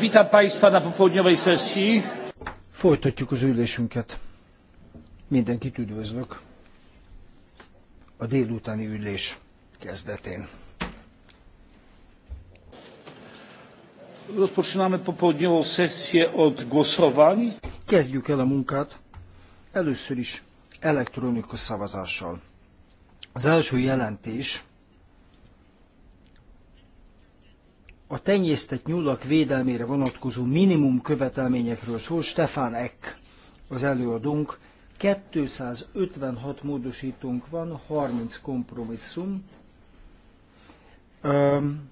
Witam Państwa na popołudniowej sesji. Folytatjuk az ülésünket. Mindenkit üdvözlök. A délutáni ülés kezdetén. Rozpoczynamy popołudniową sesję od głosowań. Kezdjük el a munkát. Először is elektronikus szavazással. Az első jelentés a tenyésztett nyulak védelmére vonatkozó minimum követelményekről szól Stefan Eck, az előadónk. 256 módosítónk van, 30 kompromisszum. Um,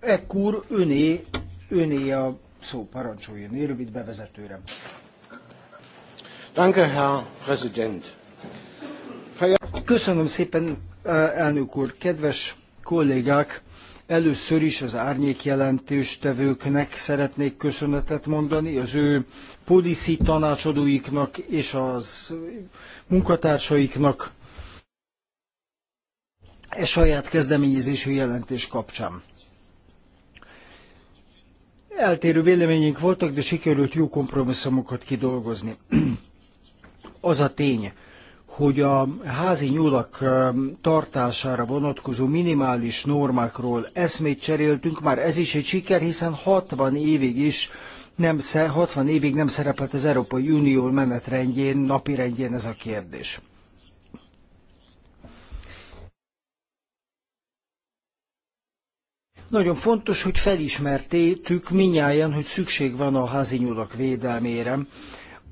ekkor öné, öné a szó parancsoljon, rövid bevezetőre. Danke, Herr Präsident. Köszönöm szépen, elnök úr, kedves kollégák! Először is az árnyék jelentéstevőknek szeretnék köszönetet mondani, az ő policy tanácsadóiknak és az munkatársaiknak e saját kezdeményezésű jelentés kapcsán. Eltérő véleményünk voltak, de sikerült jó kompromisszumokat kidolgozni. az a tény, hogy a házi nyulak tartására vonatkozó minimális normákról eszmét cseréltünk, már ez is egy siker, hiszen 60 évig is nem, 60 évig nem szerepelt az Európai Unió menetrendjén, napirendjén ez a kérdés. Nagyon fontos, hogy felismertétük minnyáján, hogy szükség van a házi nyulak védelmére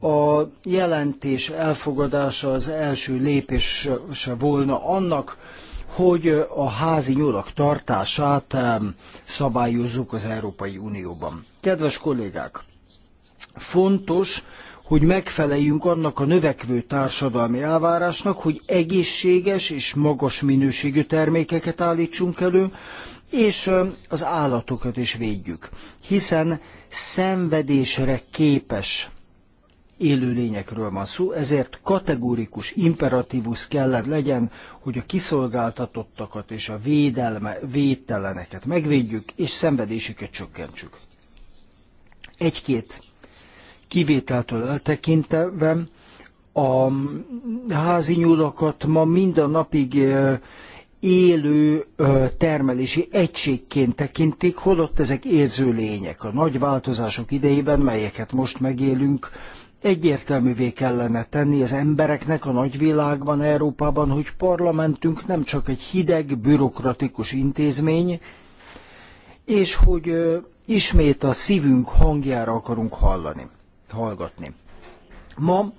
a jelentés elfogadása az első lépése volna annak, hogy a házi nyulak tartását szabályozzuk az Európai Unióban. Kedves kollégák, fontos, hogy megfeleljünk annak a növekvő társadalmi elvárásnak, hogy egészséges és magas minőségű termékeket állítsunk elő, és az állatokat is védjük, hiszen szenvedésre képes élőlényekről van szó, ezért kategórikus imperatívus kellett legyen, hogy a kiszolgáltatottakat és a védelme, védteleneket megvédjük, és szenvedésüket csökkentsük. Egy-két kivételtől eltekintve a házi nyulakat ma mind a napig élő termelési egységként tekintik, holott ezek érző lények. A nagy változások idejében, melyeket most megélünk, egyértelművé kellene tenni az embereknek a nagyvilágban, Európában, hogy parlamentünk nem csak egy hideg, bürokratikus intézmény, és hogy ismét a szívünk hangjára akarunk hallani, hallgatni. Ma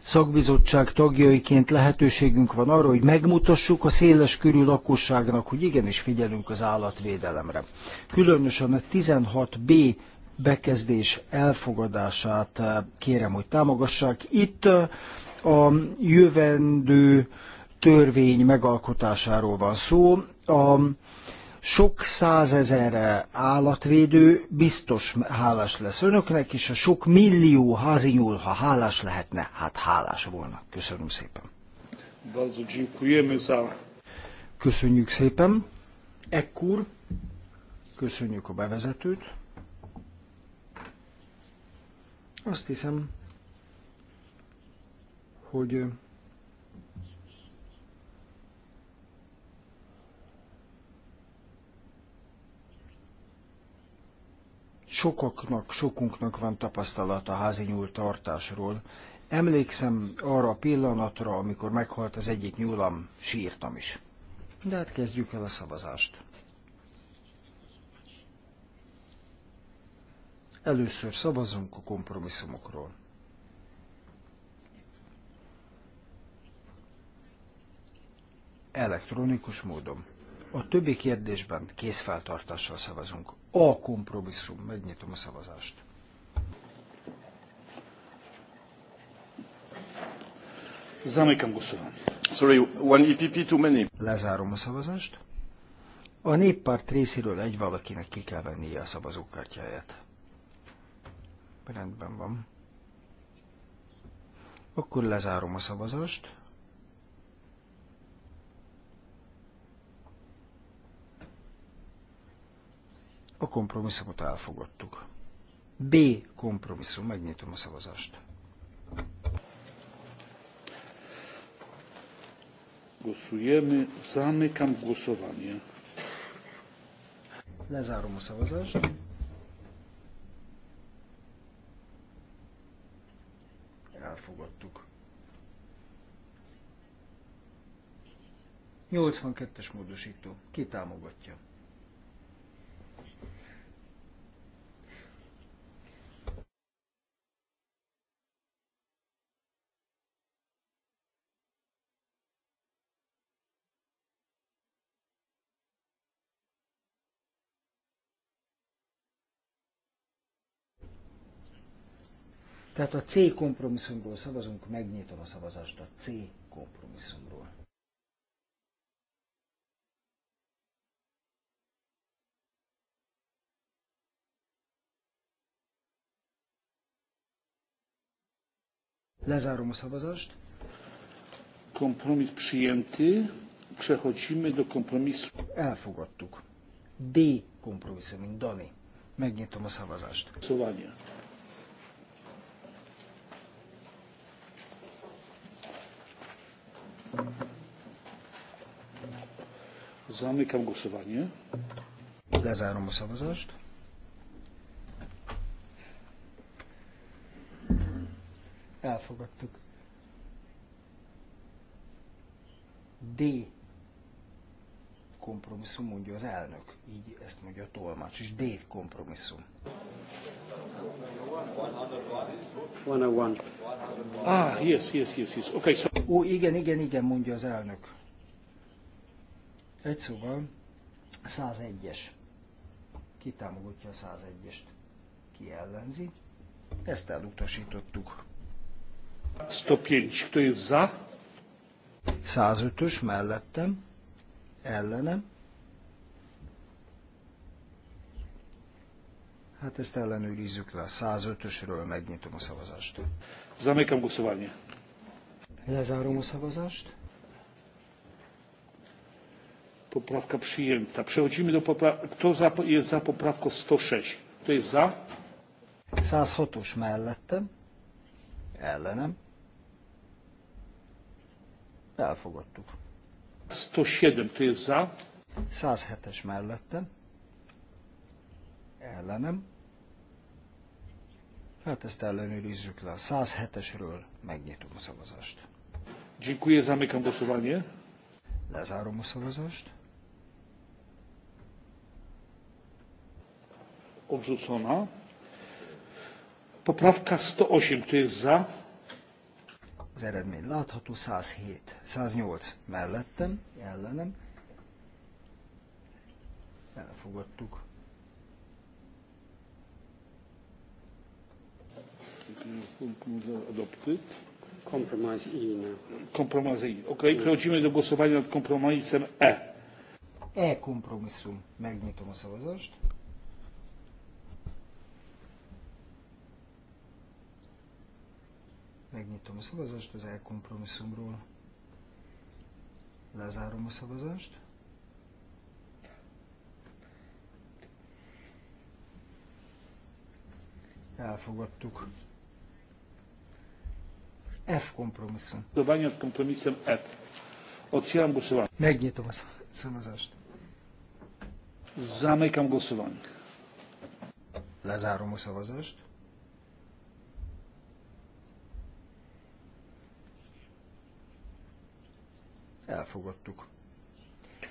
szakbizottság tagjaiként lehetőségünk van arra, hogy megmutassuk a széles körű lakosságnak, hogy igenis figyelünk az állatvédelemre. Különösen a 16B bekezdés elfogadását eh, kérem, hogy támogassák. Itt eh, a jövendő törvény megalkotásáról van szó. A sok százezer állatvédő biztos hálás lesz önöknek, és a sok millió házi nyúl, ha hálás lehetne, hát hálás volna. Köszönöm szépen. Köszönjük szépen. Ekkor köszönjük a bevezetőt. Azt hiszem, hogy sokaknak, sokunknak van tapasztalata a házi nyúl tartásról. Emlékszem arra a pillanatra, amikor meghalt az egyik nyúlam, sírtam is. De hát kezdjük el a szavazást. Először szavazzunk a kompromisszumokról. Elektronikus módon. A többi kérdésben készfeltartással szavazunk. A kompromisszum. Megnyitom a szavazást. Zamykam Sorry, one EPP too many. Lezárom a szavazást. A néppárt részéről egy valakinek ki kell vennie a szavazókártyáját. Rendben van. Akkor lezárom a szavazást. A kompromisszumot elfogadtuk. B kompromisszum, megnyitom a szavazást. Głosujemy, zamykam głosowanie. Lezárom a szavazást. 82-es módosító. Ki támogatja? Tehát a C kompromisszumról szavazunk, megnyitom a szavazást a C kompromisszumról. Lezárom a szavazást. Kompromiss przyjęty. Przechodzimy do kompromisu. Elfogadtuk. D kompromisszum, mint Dani. Megnyitom a szavazást. Szóványja. Zamykam głosowanie. Lezárom a szavazást. elfogadtuk. D. Kompromisszum mondja az elnök, így ezt mondja a tolmács, és D. Kompromisszum. Oh ah, yes, yes, yes, yes. Okay, so... Ó, igen, igen, igen, mondja az elnök. Egy szóval 101-es. Ki támogatja a 101-est? Ki ellenzi? Ezt elutasítottuk. 105. Kto jest za? 105-ös mellettem, ellenem. Hát ezt ellenőrizzük le. A 105-ösről megnyitom a szavazást. Zamykam głosowanie. Lezárom a szavazást. Poprawka przyjęta. Przechodzimy do poprawki. Kto za, jest za poprawką 106? Kto jest za? 106-os mellettem. Ellenem. Elfogadtuk. 107 kézzel. 107-es mellette. Ellenem. Hát ezt ellenőrizzük le. A 107-esről megnyitom a szavazást. Dziękuję, zamykam głosowanie. Lezárom a szavazást. Odrzucona. Poprawka 108, kto jest za? az eredmény látható, 107, 108 mellettem, ellenem, elfogadtuk. Kompromisz I. E Kompromis I. E. Ok, przechodzimy do głosowania nad kompromisem E. E kompromisszum. Megnyitom a szavazást. megnyitom a szavazást az elkompromisszumról. Lezárom a szavazást. Elfogadtuk. F kompromisszum. Dobány od kompromisszum F. Otwieram głosowanie. Megnyitom a szavazást. Zamykam głosowanie. Lezárom a szavazást. Elfogadtuk.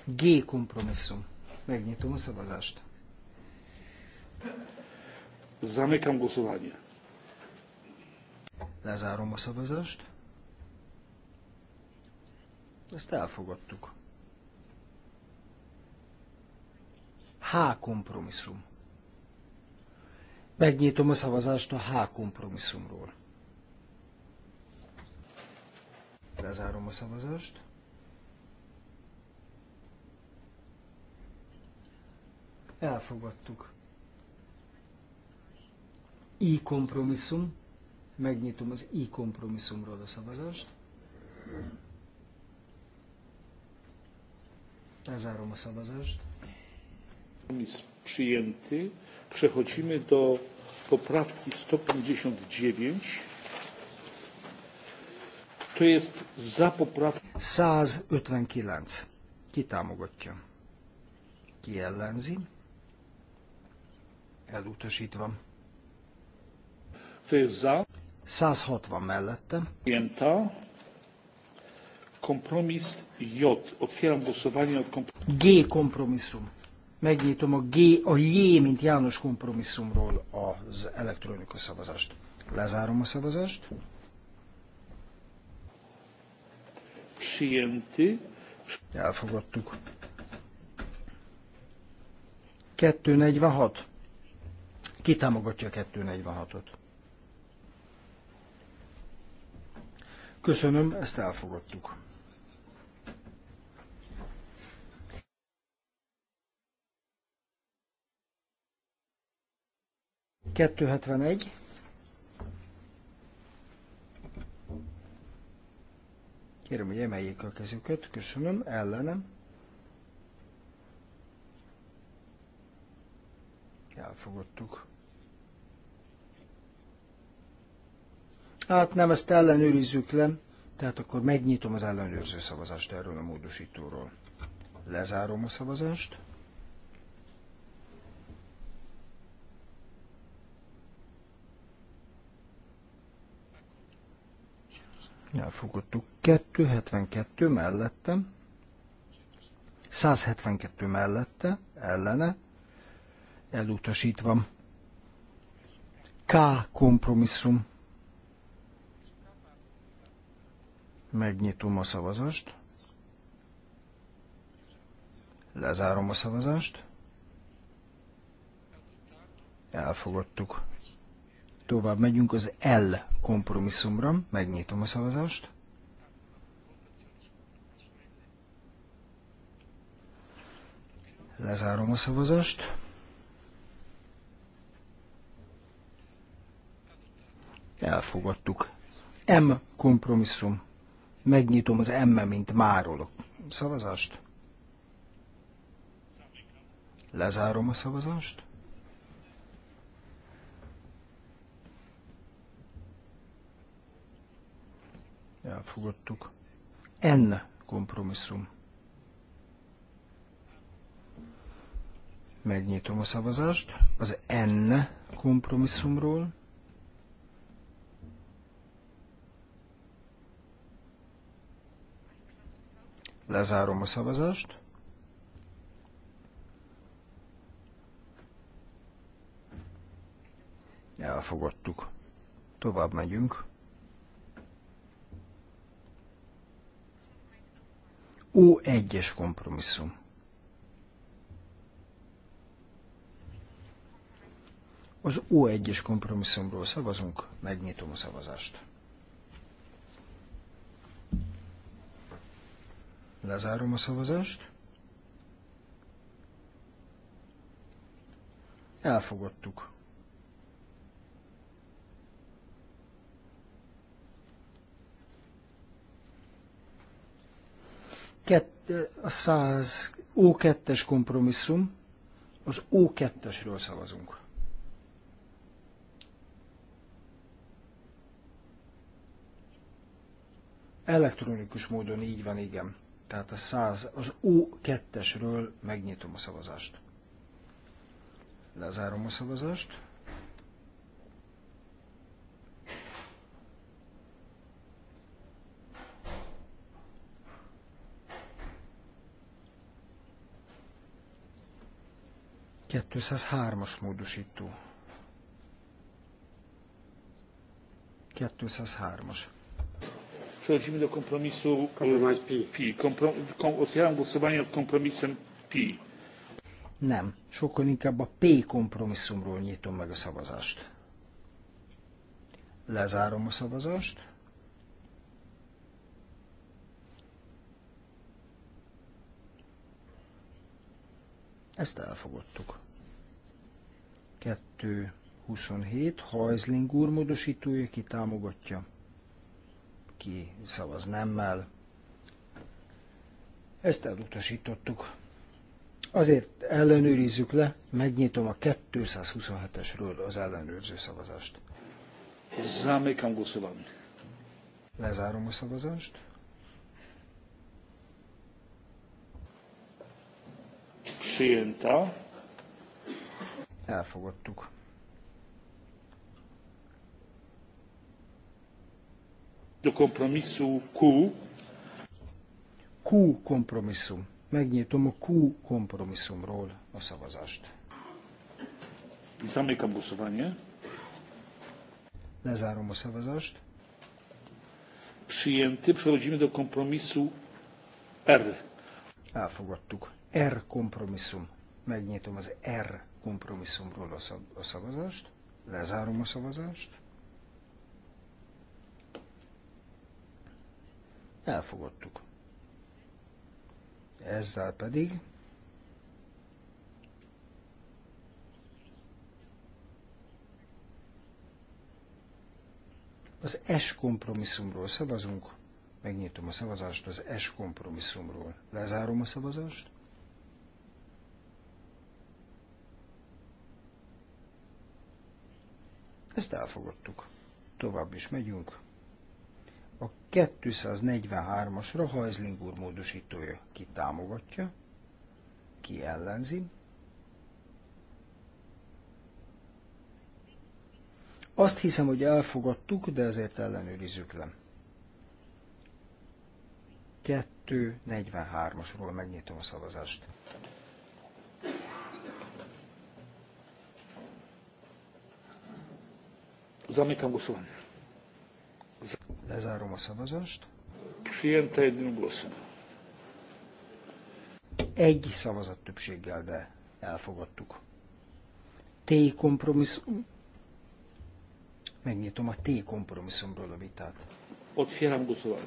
G kompromisszum. Megnyitom a szavazást. Zamykam głosowanie. Lezárom a szavazást. Ezt elfogadtuk. H kompromisszum. Megnyitom a szavazást a H kompromisszumról. Lezárom a szavazást. Elfogadtuk. I kompromisszum. Megnyitom az I kompromisszumról a szavazást. Lezárom a szavazást. Kompromisz przyjęty. Przechodzimy do poprawki 159. To jest za poprawką. 159. Ki támogatja? Ki ellenzi? elutasítva. 160 mellette. J. Otwieram głosowanie G kompromisszum. Megnyitom a G, a J, mint János kompromisszumról az elektronikus szavazást. Lezárom a szavazást. Sienti. Elfogadtuk. 246. Ki támogatja a 246-ot? Köszönöm, ezt elfogadtuk. Kettő hetvenegy. Kérem, hogy emeljék a kezüket. Köszönöm. Ellenem. Elfogadtuk. Hát nem, ezt ellenőrizzük le, tehát akkor megnyitom az ellenőrző szavazást erről a módosítóról. Lezárom a szavazást. Elfogadtuk. 272 mellette, 172 mellette, ellene, elutasítva. K kompromisszum Megnyitom a szavazást. Lezárom a szavazást. Elfogadtuk. Tovább megyünk az L kompromisszumra. Megnyitom a szavazást. Lezárom a szavazást. Elfogadtuk. M kompromisszum. Megnyitom az M, mint márolok. szavazást. Lezárom a szavazást. Elfogadtuk. N kompromisszum. Megnyitom a szavazást az N kompromisszumról. Lezárom a szavazást. Elfogadtuk. Tovább megyünk. Ó, egyes kompromisszum. Az O1-es kompromisszumról szavazunk, megnyitom a szavazást. Lezárom a szavazást. Elfogadtuk. Kett, a száz O2-es kompromisszum, az O2-esről szavazunk. Elektronikus módon így van, igen. Tehát a 100, az O2-esről megnyitom a szavazást. Lezárom a szavazást. Kettőszáz hármas módosító. Kettőszáz hármas. Przechodzimy do kompromisu Pi. otwieram głosowanie nad kompromisem Pi. Nem, sokkal inkább a P kompromisszumról nyitom meg a szavazást. Lezárom a szavazást. Ezt elfogadtuk. 2.27. Hajzling úr módosítója ki támogatja ki szavaz nemmel. Ezt elutasítottuk. Azért ellenőrizzük le, megnyitom a 227-esről az ellenőrző szavazást. Zamykam głosowanie. Lezárom a szavazást. Przyjęta. Elfogadtuk. do kompromisu Q. Q kompromisszum. Megnyitom a Q kompromisszumról a szavazást. Zamykam głosowanie. Lezárom a szavazást. Przyjęty. Przechodzimy do kompromisu R. Elfogadtuk. R kompromisszum. Megnyitom az R kompromisszumról a szavazást. Lezárom a szavazást. Elfogadtuk. Ezzel pedig az S kompromisszumról szavazunk. Megnyitom a szavazást az S kompromisszumról. Lezárom a szavazást. Ezt elfogadtuk. Tovább is megyünk a 243-asra Hajzling úr módosítója ki támogatja, ki ellenzi. Azt hiszem, hogy elfogadtuk, de ezért ellenőrizzük le. 243-asról megnyitom a szavazást. Zamykam głosowanie. Lezárom a szavazást. Egy szavazat többséggel, de elfogadtuk. T kompromisszum. Megnyitom a T kompromisszumról a vitát. Otwieram Ott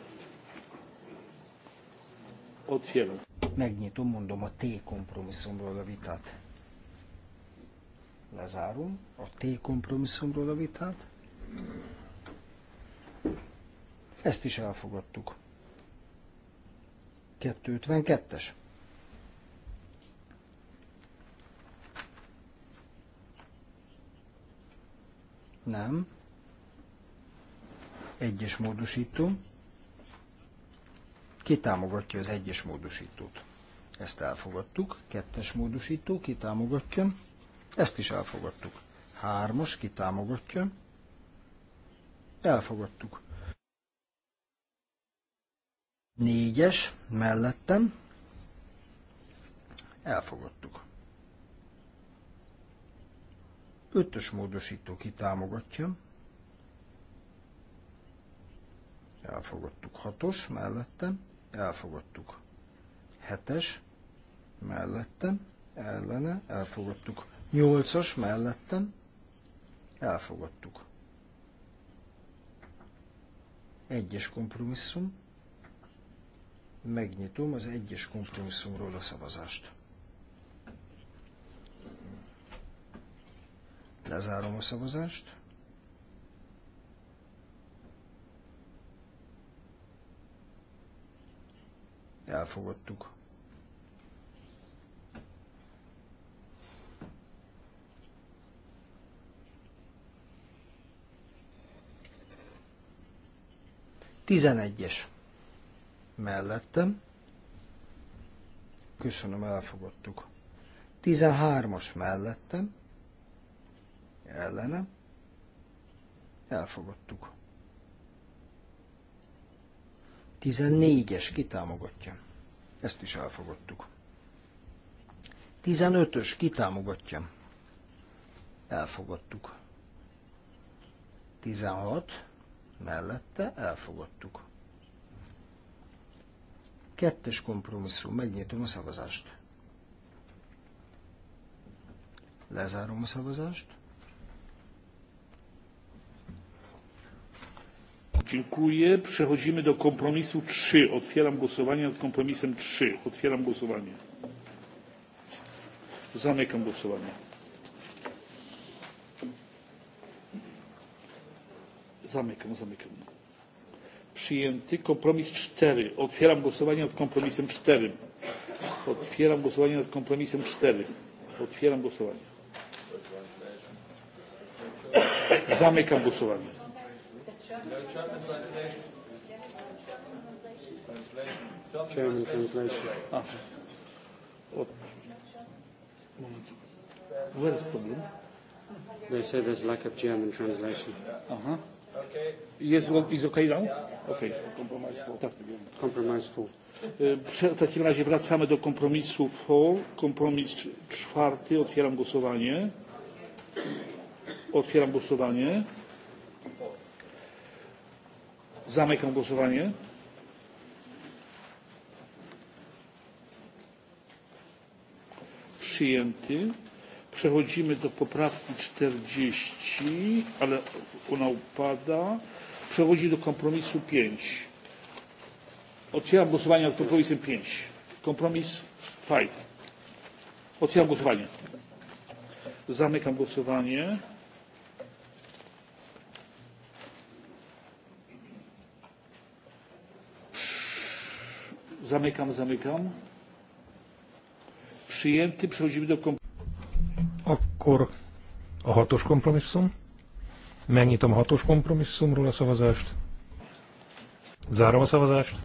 Otwieram. Megnyitom, mondom, a T kompromisszumról a vitát. Lezárom a T kompromisszumról a vitát. Ezt is elfogadtuk. 252-es. Nem. Egyes módosító. Ki támogatja az egyes módosítót? Ezt elfogadtuk. Kettes módosító, ki támogatja? Ezt is elfogadtuk. Hármas, ki támogatja? Elfogadtuk. Négyes mellettem. Elfogadtuk. Ötös módosító kitámogatja. Elfogadtuk. Hatos mellettem. Elfogadtuk. Hetes mellettem. Ellene. Elfogadtuk. Nyolcas mellettem. Elfogadtuk. Egyes kompromisszum megnyitom az egyes kompromisszumról a szavazást. Lezárom a szavazást. Elfogadtuk. Tizenegyes mellettem. Köszönöm, elfogadtuk. 13-as mellettem. Ellenem. Elfogadtuk. 14-es kitámogatja. Ezt is elfogadtuk. 15-ös kitámogatja. Elfogadtuk. 16 mellette elfogadtuk. Kettes kompromisszum. Megnyitom a szavazást. Lezárom a szavazást. Dziękuję. Przechodzimy do kompromisu 3. Otwieram głosowanie nad kompromisem 3. Otwieram głosowanie. Zamykam głosowanie. Zamykam, zamykam. Przyjęty. Kompromis cztery. Otwieram głosowanie nad kompromisem cztery. Otwieram głosowanie nad kompromisem cztery. Otwieram głosowanie. Zamykam głosowanie. Chairman translation. Ah. Moment. Where is problem? They say there's lack of German translation. Uh -huh. Okay. Jest, jest okej okay now? for. Tak, kompromis 4. E, w takim razie wracamy do kompromisu FO. Kompromis czwarty. Otwieram głosowanie. Otwieram głosowanie. Zamykam głosowanie. Przyjęty. Przechodzimy do poprawki 40, ale ona upada. Przechodzi do kompromisu 5. Otwieram głosowanie nad kompromisem 5. Kompromis 5. Otwieram głosowanie. Zamykam głosowanie. Zamykam, zamykam. Przyjęty. Przechodzimy do kompromisu. Akkor a hatos kompromisszum. Megnyitom a hatos kompromisszumról a szavazást. Zárom a szavazást.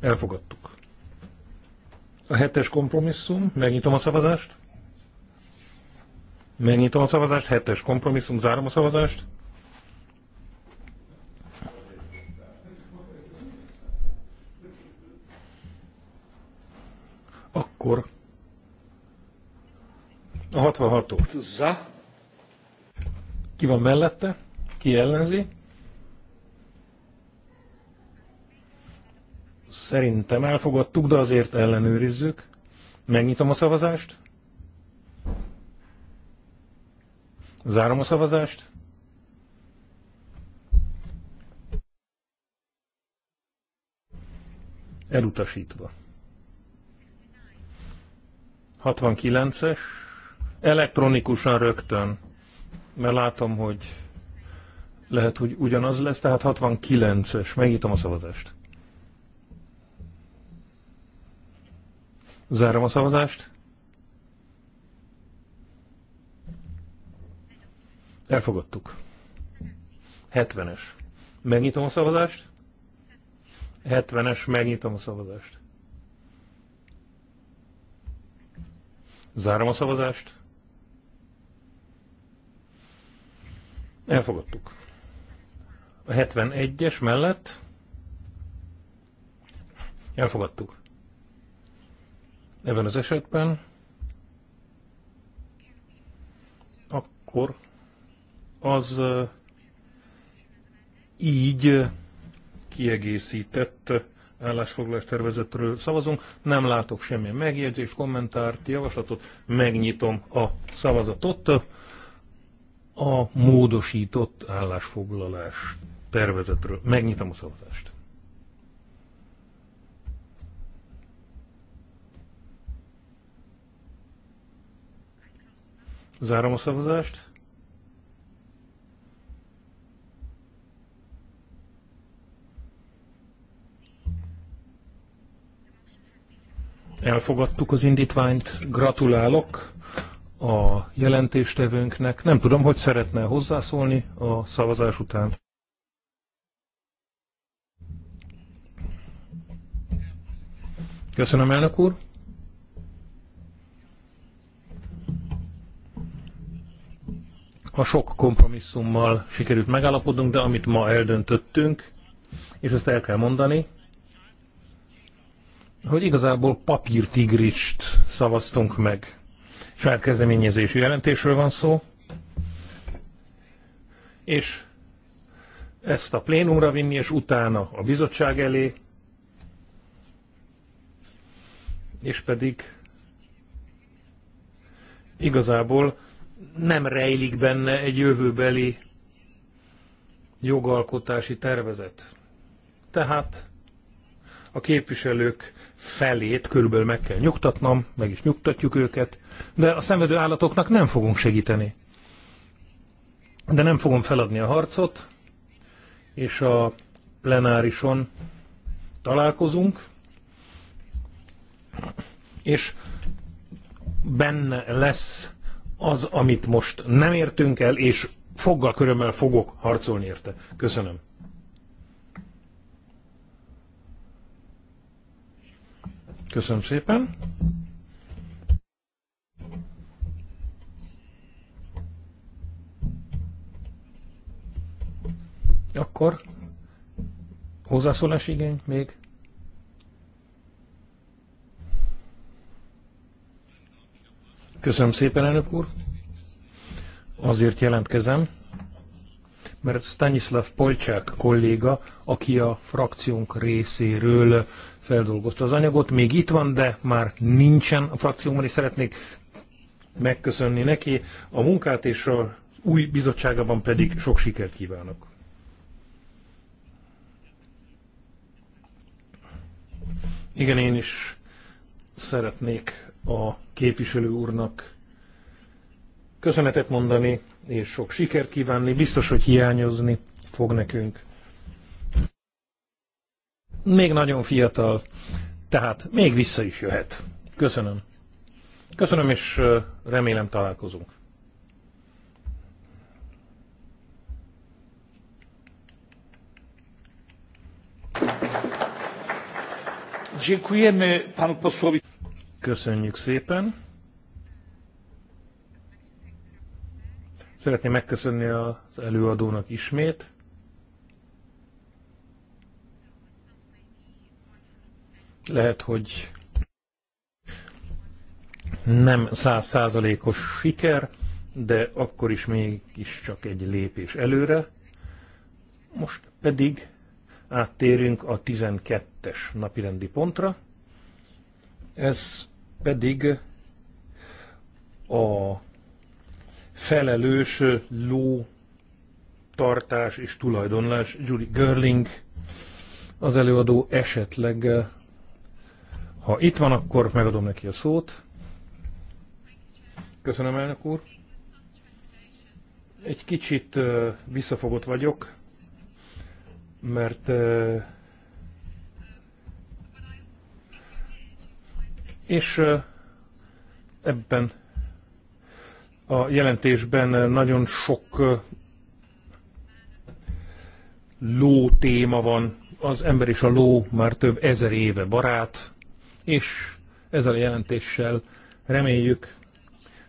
Elfogadtuk. A hetes kompromisszum, megnyitom a szavazást. Megnyitom a szavazást, hetes kompromisszum, zárom a szavazást. Akkor a 66-ó. Ki van mellette? Ki ellenzi? Szerintem elfogadtuk, de azért ellenőrizzük. Megnyitom a szavazást. Zárom a szavazást. Elutasítva. 69-es. Elektronikusan rögtön, mert látom, hogy lehet, hogy ugyanaz lesz, tehát 69-es. Megnyitom a szavazást. Zárom a szavazást. Elfogadtuk. 70-es. Megnyitom a szavazást. 70-es, megnyitom a szavazást. Zárom a szavazást. Elfogadtuk. A 71-es mellett elfogadtuk. Ebben az esetben akkor az uh, így kiegészített állásfoglalás tervezetről szavazunk. Nem látok semmilyen megjegyzést, kommentárt, javaslatot. Megnyitom a szavazatot. A módosított állásfoglalás tervezetről. Megnyitom a szavazást. Zárom a szavazást. Elfogadtuk az indítványt, gratulálok a jelentéstevőnknek. Nem tudom, hogy szeretne hozzászólni a szavazás után. Köszönöm, elnök úr. A sok kompromisszummal sikerült megállapodnunk, de amit ma eldöntöttünk, és ezt el kell mondani, hogy igazából papírtigrist szavaztunk meg. Saját kezdeményezésű jelentésről van szó, és ezt a plénumra vinni, és utána a bizottság elé, és pedig igazából nem rejlik benne egy jövőbeli jogalkotási tervezet. Tehát a képviselők felét körülbelül meg kell nyugtatnom, meg is nyugtatjuk őket, de a szenvedő állatoknak nem fogunk segíteni. De nem fogom feladni a harcot, és a plenárison találkozunk, és benne lesz az, amit most nem értünk el, és foggal körömmel fogok harcolni érte. Köszönöm. Köszönöm szépen. Akkor hozzászólás igény még? Köszönöm szépen, elnök úr. Azért jelentkezem, mert Stanislav Polcsák kolléga, aki a frakciónk részéről feldolgozta az anyagot. Még itt van, de már nincsen a frakcióban, és szeretnék megköszönni neki a munkát, és a új bizottságában pedig sok sikert kívánok. Igen, én is szeretnék a képviselő úrnak köszönetet mondani, és sok sikert kívánni. Biztos, hogy hiányozni fog nekünk még nagyon fiatal, tehát még vissza is jöhet. Köszönöm. Köszönöm, és remélem találkozunk. Köszönjük szépen. Szeretném megköszönni az előadónak ismét. Lehet, hogy nem százszázalékos siker, de akkor is csak egy lépés előre. Most pedig áttérünk a 12-es napirendi pontra. Ez pedig a felelős ló tartás és tulajdonlás. Julie Görling az előadó esetleg ha itt van, akkor megadom neki a szót. Köszönöm, elnök úr. Egy kicsit visszafogott vagyok, mert és ebben a jelentésben nagyon sok ló téma van. Az ember és a ló már több ezer éve barát, és ezzel a jelentéssel reméljük,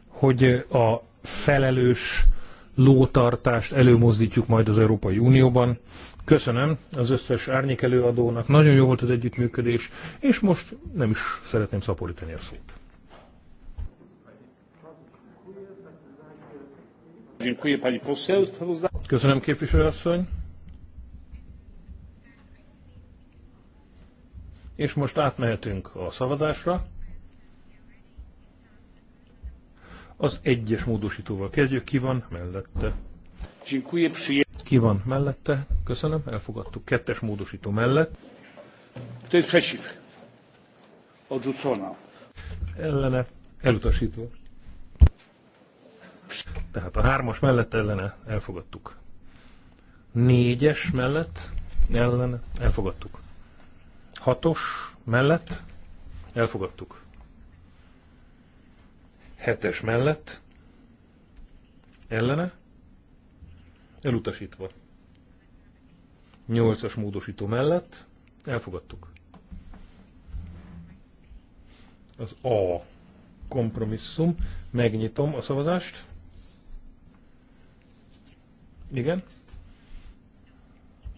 hogy a felelős lótartást előmozdítjuk majd az Európai Unióban. Köszönöm az összes árnyék előadónak, nagyon jó volt az együttműködés, és most nem is szeretném szaporítani a szót. Köszönöm képviselőasszony. És most átmehetünk a szavazásra. Az egyes módosítóval kezdjük, ki van mellette. Ki van mellette? Köszönöm, elfogadtuk. Kettes módosító mellett. To jest przeciw. Odrzucona. Ellene, elutasítva. Tehát a hármas mellett ellene elfogadtuk. Négyes mellett ellene elfogadtuk. Hatos mellett elfogadtuk. Hetes mellett ellene elutasítva. Nyolcas módosító mellett elfogadtuk. Az A kompromisszum. Megnyitom a szavazást. Igen?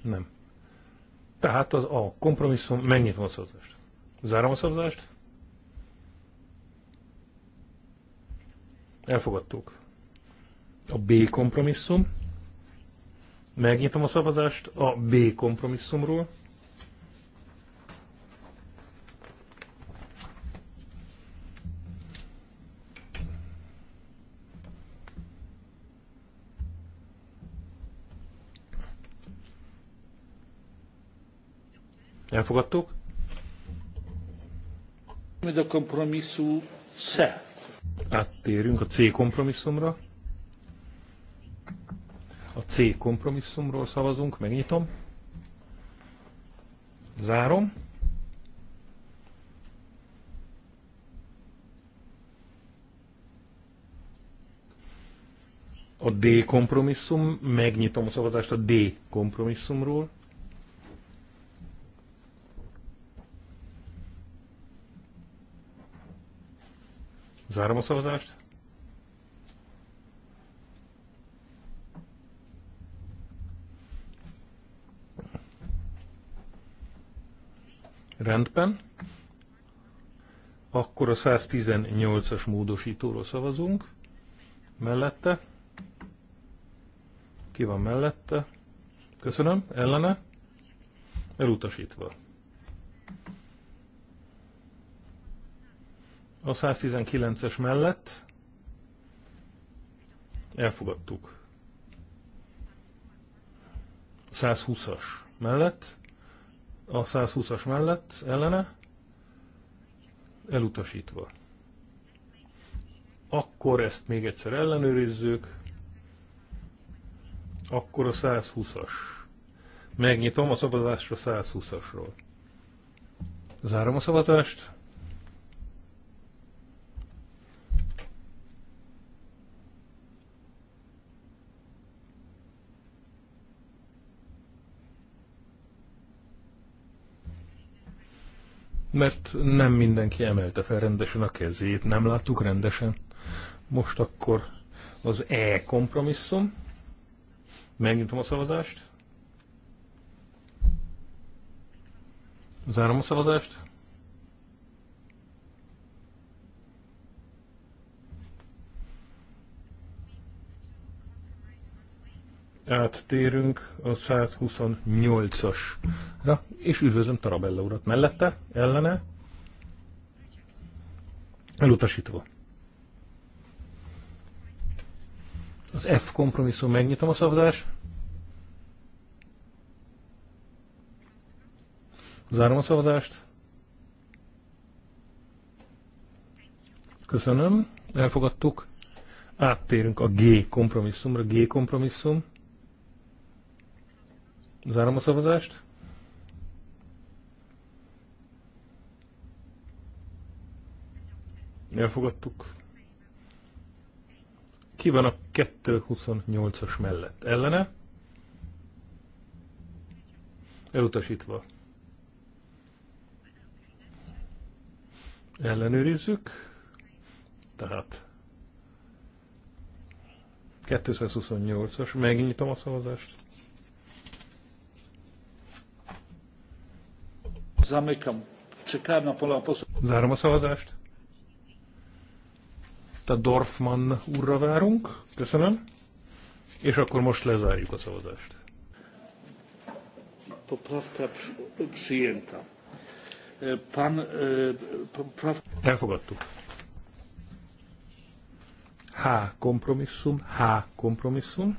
Nem. Tehát az a kompromisszum, megnyitom a szavazást. Zárom a szavazást. Elfogadtuk. A B kompromisszum. Megnyitom a szavazást a B kompromisszumról. Elfogadtuk. A kompromisszum C. Áttérünk a C kompromisszumra. A C kompromisszumról szavazunk, megnyitom. Zárom. A D kompromisszum, megnyitom a szavazást a D kompromisszumról. Zárom a szavazást. Rendben. Akkor a 118-as módosítóról szavazunk. Mellette. Ki van mellette? Köszönöm. Ellene? Elutasítva a 119-es mellett elfogadtuk. 120-as mellett, a 120-as mellett ellene elutasítva. Akkor ezt még egyszer ellenőrizzük, akkor a 120-as. Megnyitom a a 120-asról. Zárom a szavazást. mert nem mindenki emelte fel rendesen a kezét, nem láttuk rendesen. Most akkor az E kompromisszum. Megnyitom a szavazást. Zárom a szavazást. áttérünk a 128-asra, és üdvözlöm Tarabella urat mellette, ellene, elutasítva. Az F kompromisszum, megnyitom a szavazást. Zárom a szavazást. Köszönöm, elfogadtuk. Áttérünk a G kompromisszumra, G kompromisszum. Zárom a szavazást. Elfogadtuk. Ki van a 228-as mellett? Ellene? Elutasítva. Ellenőrizzük. Tehát 228-as. Megnyitom a szavazást. Zamykam. Czekałem na pana posła. Zárom a szavazást. Tehát Dorfman úrra várunk. Köszönöm. És akkor most lezárjuk a szavazást. Poprawka przyjęta. E, pan, e, popraw... Elfogadtuk. H kompromisszum, H kompromisszum.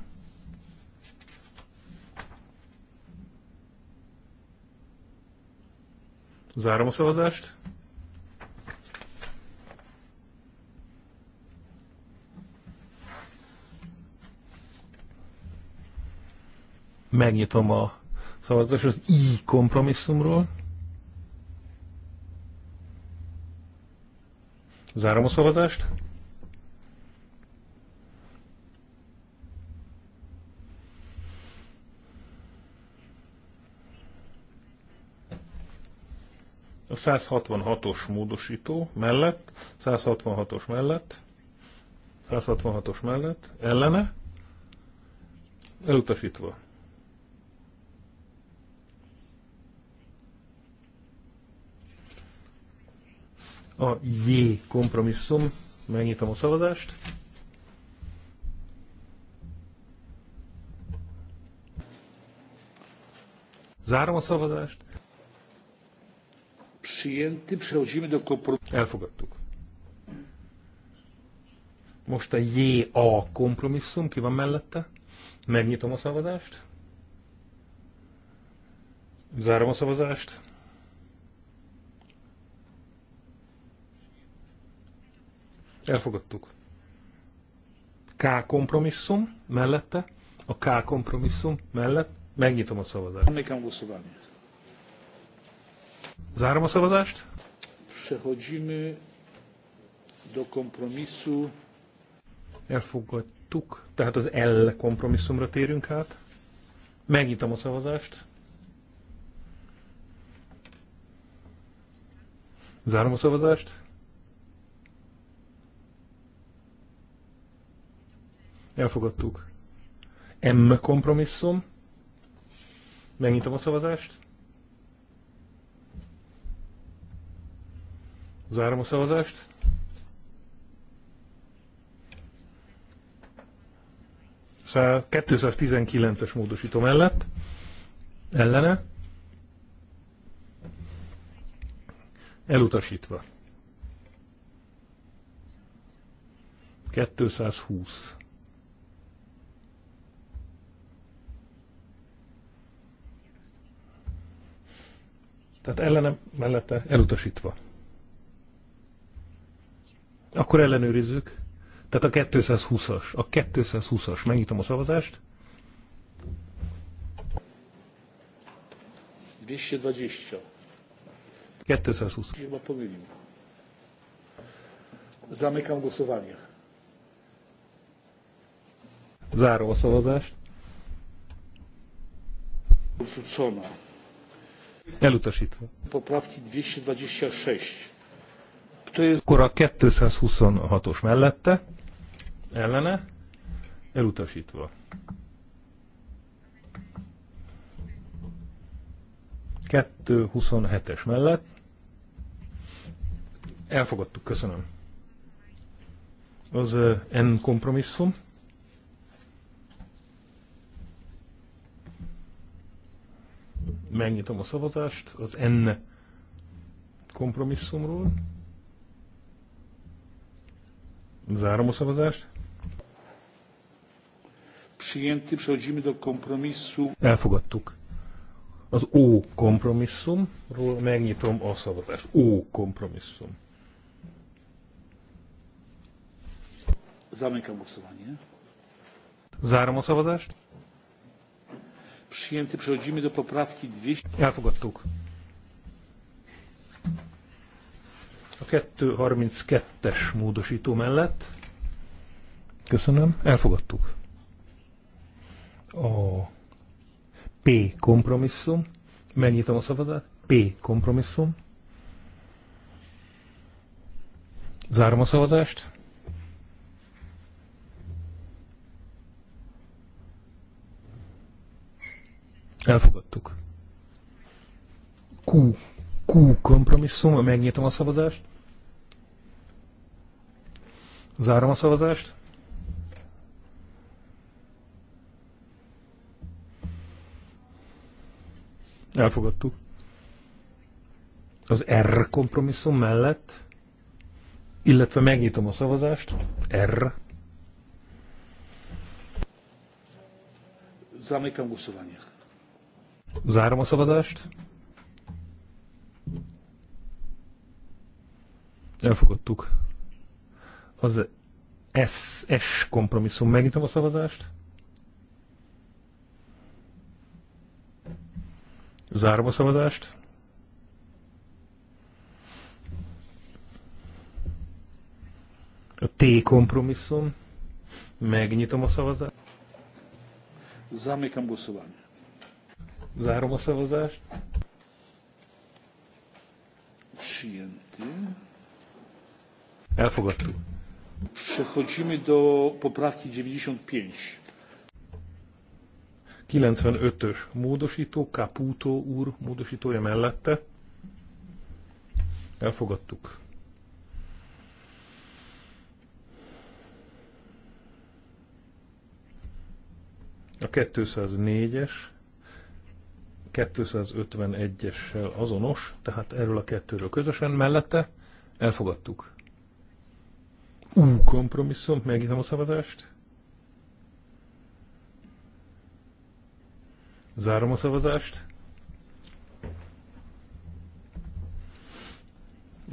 Zárom a szavazást. Megnyitom a szavazást az I kompromisszumról. Zárom a szavazást. a 166-os módosító mellett, 166-os mellett, 166-os mellett, ellene, elutasítva. A J kompromisszum, megnyitom a szavazást. Zárom a szavazást. Przyjęty. Przechodzimy do kompromisu. Elfogadtuk. Most a JA kompromisszum, ki van mellette? Megnyitom a szavazást. Zárom a szavazást. Elfogadtuk. K kompromisszum mellette, a K kompromisszum mellett megnyitom a szavazást. Nekem głosowanie. Zárom a szavazást. Przechodzimy do kompromisu. Elfogadtuk, tehát az L kompromisszumra térünk át. Megnyitom a szavazást. Zárom a szavazást. Elfogadtuk. M kompromisszum. Megnyitom a szavazást. Zárom a szavazást. Szá 219-es módosító mellett. Ellene. Elutasítva. 220. Tehát ellenem mellette elutasítva. Akkor ellenőrizzük. Tehát a 220-as. A 220-as. Megnyitom a szavazást. 220. 220. Zamykam głosowanie. Záró a szavazást. Elutasítva. Poprawki 226. Akkor a 226-os mellette, ellene, elutasítva. 227-es mellett. Elfogadtuk, köszönöm. Az eh, N kompromisszum. Megnyitom a szavazást az N kompromisszumról. Zárom a szavazást. Elfogadtuk. Az O kompromisszumról megnyitom a szavazást. O kompromisszum. Zárom a szavazást. Elfogadtuk. a 232-es módosító mellett. Köszönöm, elfogadtuk. A P kompromisszum, megnyitom a szavazást, P kompromisszum, zárom a szavazást, elfogadtuk. Q Q kompromisszum, megnyitom a szavazást. Zárom a szavazást. Elfogadtuk. Az R kompromisszum mellett, illetve megnyitom a szavazást. R. Zamykam głosowanie. Zárom a szavazást. Elfogadtuk. Az SS kompromisszum. Megnyitom a szavazást. Zárom a szavazást. A T kompromisszum. Megnyitom a szavazást. Zamykam głosowanie. Zárom a szavazást. Sienti. Elfogadtuk. Przechodzimy do poprawki 95. 95-ös módosító, Caputo úr módosítója mellette. Elfogadtuk. A 204-es 251-essel azonos, tehát erről a kettőről közösen mellette elfogadtuk. U kompromisszum, megnyitom a szavazást. Zárom a szavazást.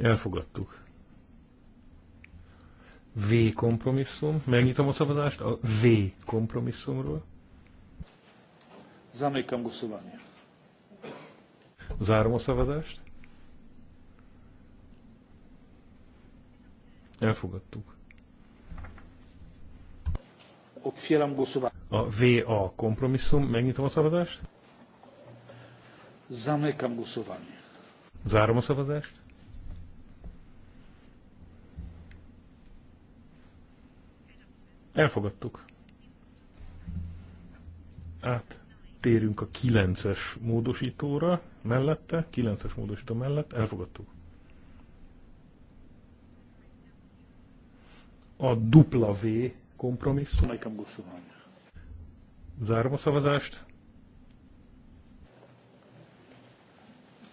Elfogadtuk. V kompromisszum. Megnyitom a szavazást a V kompromisszumról. Zamykam głosowanie. Zárom a szavazást. Elfogadtuk. A VA kompromisszum, megnyitom a szavazást. Zamykam Zárom a szavazást. Elfogadtuk. Át térünk a 9-es módosítóra mellette, 9-es módosító mellett, elfogadtuk. a dupla V kompromisszum. Zárom a szavazást.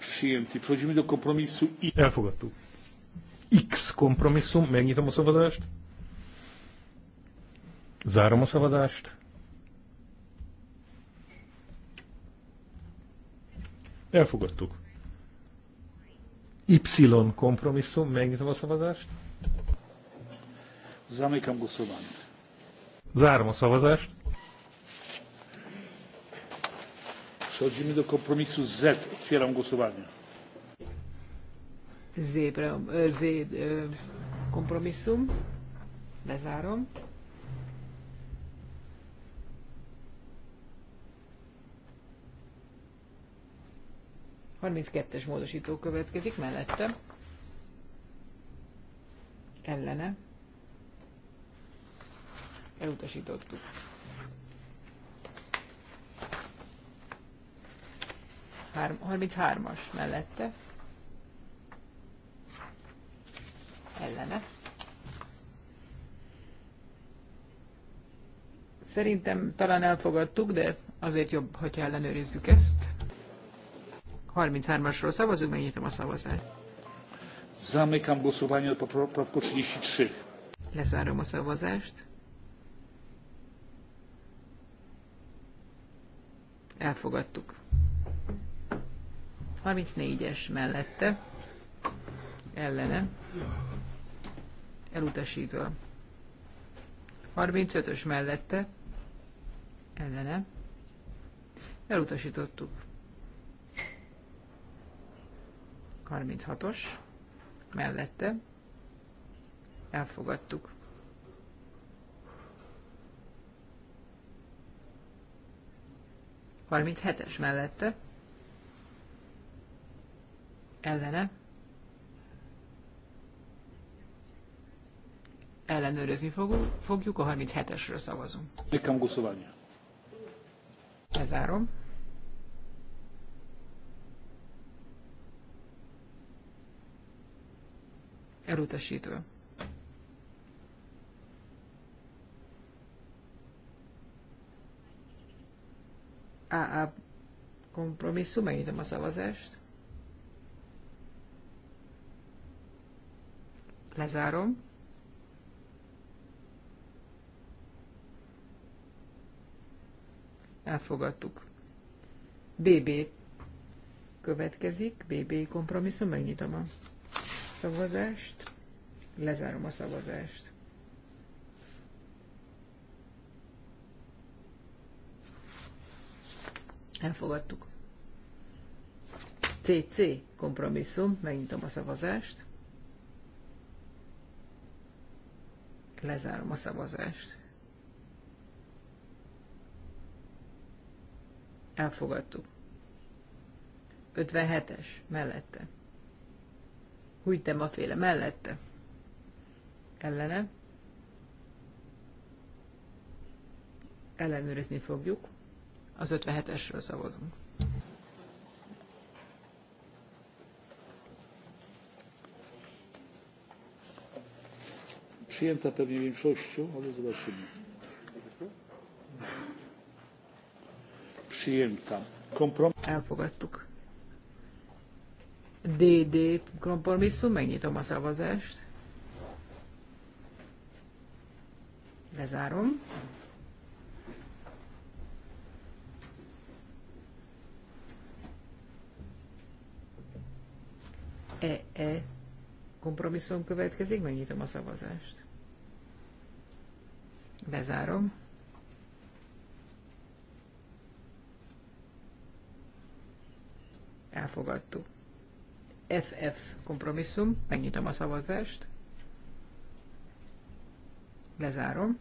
Sienti, Przechodzimy do kompromisu I. Elfogadtuk. X kompromisszum. Megnyitom a szavazást. Zárom a szavazást. Elfogadtuk. Y kompromisszum. Megnyitom a szavazást. Zamykam głosowanie. Zárom a szavazást. Przechodzimy do kompromisu Z. Otwieram głosowanie. Z, e, Z e, kompromisszum. Lezárom. Harminckettes módosító következik mellette. Ellene elutasítottuk. Hár, 33-as mellette ellene. Szerintem talán elfogadtuk, de azért jobb, hogyha ellenőrizzük ezt. 33-asról szavazunk, megnyitom a szavazást. Zamykam głosowanie nad poprawką 33. Lezárom a szavazást. elfogadtuk. 34-es mellette, ellene, elutasítva. 35-ös mellette, ellene, elutasítottuk. 36-os mellette, elfogadtuk. 37-es mellette ellene ellenőrizni fogjuk, a 37-esről szavazunk. Nekem guszolványi. Lezárom. Elutasítva. AA kompromisszum, megnyitom a szavazást. Lezárom. Elfogadtuk. BB következik, BB kompromisszum, megnyitom a szavazást, lezárom a szavazást. Elfogadtuk. CC kompromisszum, megnyitom a szavazást. Lezárom a szavazást. Elfogadtuk. 57-es, mellette. Hújtem a féle, mellette. Ellene. Ellenőrizni fogjuk az 57-esről szavazunk. Przyjęta pewnie większością, ale zobaczymy. Przyjęta. Komprom Elfogadtuk. DD kompromisszum, megnyitom a szavazást. Lezárom. E E kompromisszum következik, megnyitom a szavazást. Bezárom. Elfogadtuk. FF kompromisszum, megnyitom a szavazást. Lezárom.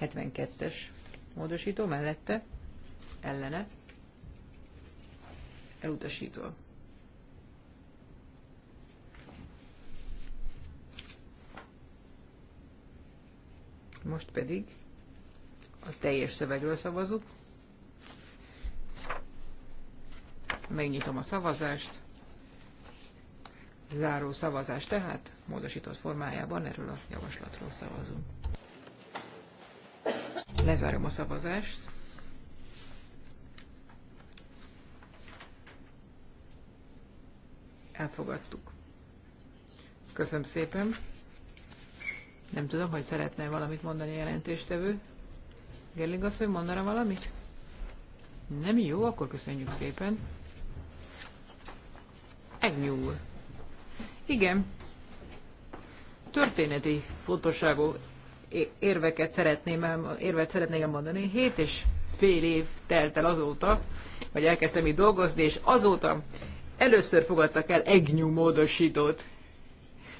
72-es módosító mellette, ellene, elutasítva. Most pedig a teljes szövegről szavazunk. Megnyitom a szavazást. Záró szavazás tehát, módosított formájában erről a javaslatról szavazunk. Lezárom a szavazást. Elfogadtuk. Köszönöm szépen. Nem tudom, hogy szeretne valamit mondani a jelentéstevő. Gerling asszony, mondaná valamit? Nem jó, akkor köszönjük szépen. Egnyúl. Igen. Történeti fontosságú érveket szeretném, érvet szeretnék elmondani. Hét és fél év telt el azóta, hogy elkezdtem itt dolgozni, és azóta először fogadtak el egnyú módosítót.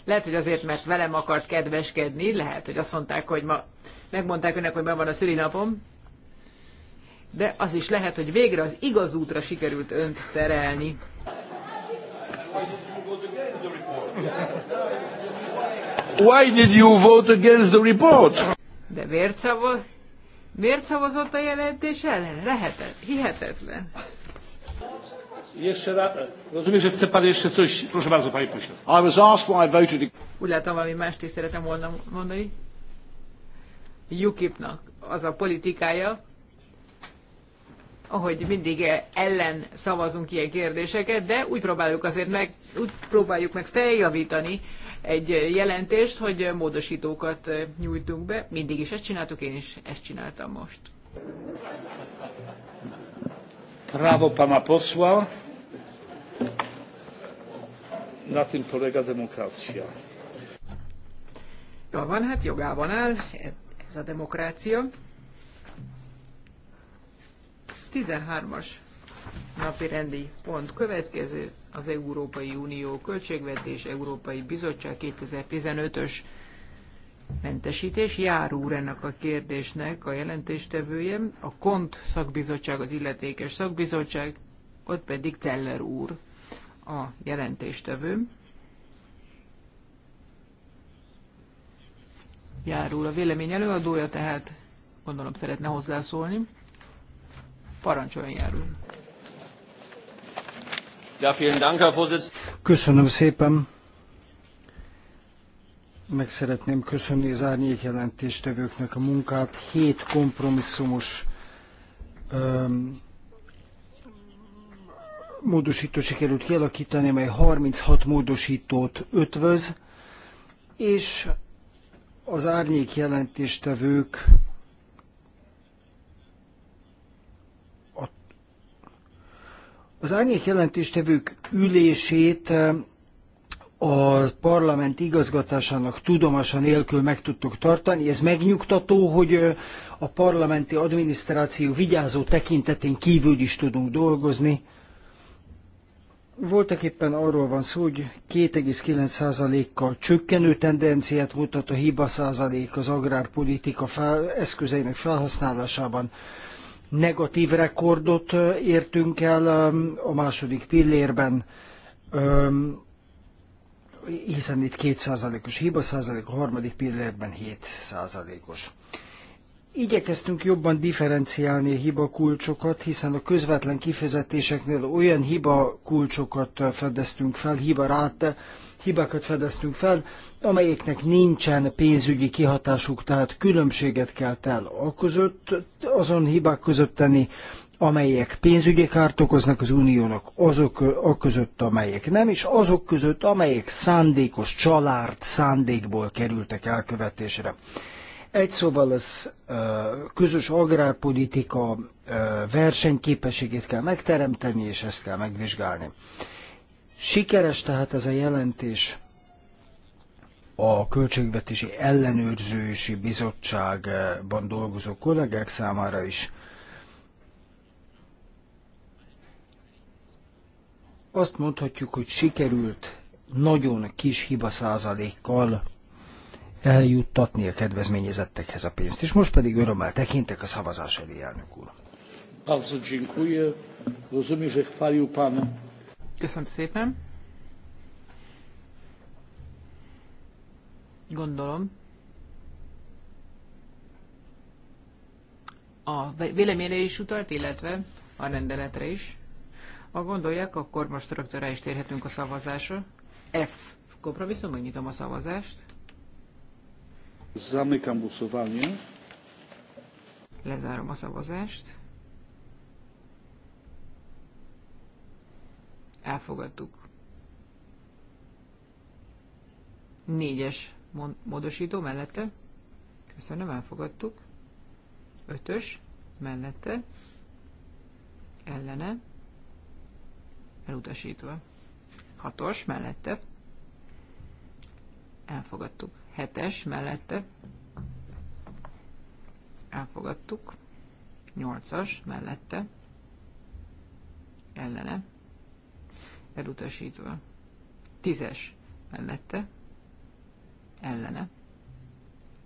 Lehet, hogy azért, mert velem akart kedveskedni, lehet, hogy azt mondták, hogy ma megmondták önnek, hogy ma van a szülinapom, de az is lehet, hogy végre az igaz útra sikerült önt terelni. Why did you vote against the report? De miért, szavaz, miért szavazott a jelentés ellen? Lehetet, hihetetlen. I was asked why I voted... Úgy látom, valami mást is szeretem volna mondani. UKIP-nak az a politikája, ahogy mindig e- ellen szavazunk ilyen kérdéseket, de úgy próbáljuk azért meg, úgy próbáljuk meg feljavítani egy jelentést, hogy módosítókat nyújtunk be. Mindig is ezt csináltuk, én is ezt csináltam most. Bravo pana posła. Na tym polega demokracja. Jól van, hát jogában áll ez a demokrácia. 13-as napi rendi pont következő az Európai Unió Költségvetés, Európai Bizottság 2015-ös mentesítés. Jár úr ennek a kérdésnek a jelentéstevője, a KONT szakbizottság, az illetékes szakbizottság, ott pedig Teller úr a jelentéstevő. Jár úr a vélemény előadója, tehát gondolom szeretne hozzászólni. Parancsoljon jár úr! Köszönöm szépen. Meg szeretném köszönni az árnyék jelentéstevőknek a munkát. Hét kompromisszumos öm, módosító sikerült kialakítani, mely 36 módosítót ötvöz, és az árnyék jelentéstevők Az árnyék jelentéstevők ülését eh, a parlament igazgatásának tudomása nélkül meg tudtuk tartani. Ez megnyugtató, hogy eh, a parlamenti adminisztráció vigyázó tekintetén kívül is tudunk dolgozni. Voltak éppen arról van szó, hogy 2,9%-kal csökkenő tendenciát mutat a hiba százalék az agrárpolitika fel, eszközeinek felhasználásában negatív rekordot értünk el a második pillérben, hiszen itt 2%-os hiba százalék, a harmadik pillérben 7%-os. Igyekeztünk jobban differenciálni a hiba kulcsokat, hiszen a közvetlen kifizetéseknél olyan hiba kulcsokat fedeztünk fel, hiba rát, hibákat fedeztünk fel, amelyeknek nincsen pénzügyi kihatásuk, tehát különbséget kell tel között, azon hibák között tenni, amelyek pénzügyi kárt okoznak az uniónak, azok a között, amelyek nem, és azok között, amelyek szándékos csalárt szándékból kerültek elkövetésre. Egy szóval az közös agrárpolitika versenyképességét kell megteremteni, és ezt kell megvizsgálni. Sikeres tehát ez a jelentés a Költségvetési Ellenőrzősi Bizottságban dolgozó kollégák számára is. Azt mondhatjuk, hogy sikerült nagyon kis hiba százalékkal eljuttatni a kedvezményezettekhez a pénzt. És most pedig örömmel tekintek a szavazás elé, elnök úr. Bardzo dziękuję. Rozumiem, że chwalił pan Köszönöm szépen. Gondolom. A véleményre is utalt, illetve a rendeletre is. Ha gondolják, akkor most rögtön rá is térhetünk a szavazásra. F. Kompromisszum, megnyitom a szavazást. Zamykam głosowanie. Lezárom a szavazást. elfogadtuk. Négyes módosító mellette, köszönöm, elfogadtuk. Ötös mellette, ellene, elutasítva. Hatos mellette, elfogadtuk. Hetes mellette, elfogadtuk. Nyolcas mellette, ellene, elutasítva. Tízes mellette, ellene,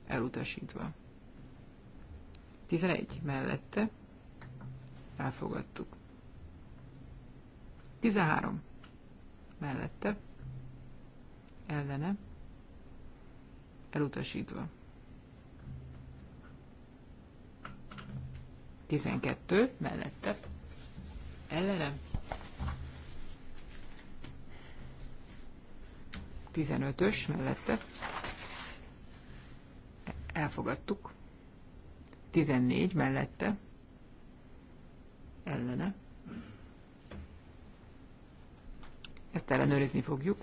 elutasítva. Tizenegy mellette, elfogadtuk. Tizenhárom mellette, ellene, elutasítva. Tizenkettő mellette. Ellenem 15-ös mellette elfogadtuk. 14 mellette ellene. Ezt ellenőrizni fogjuk.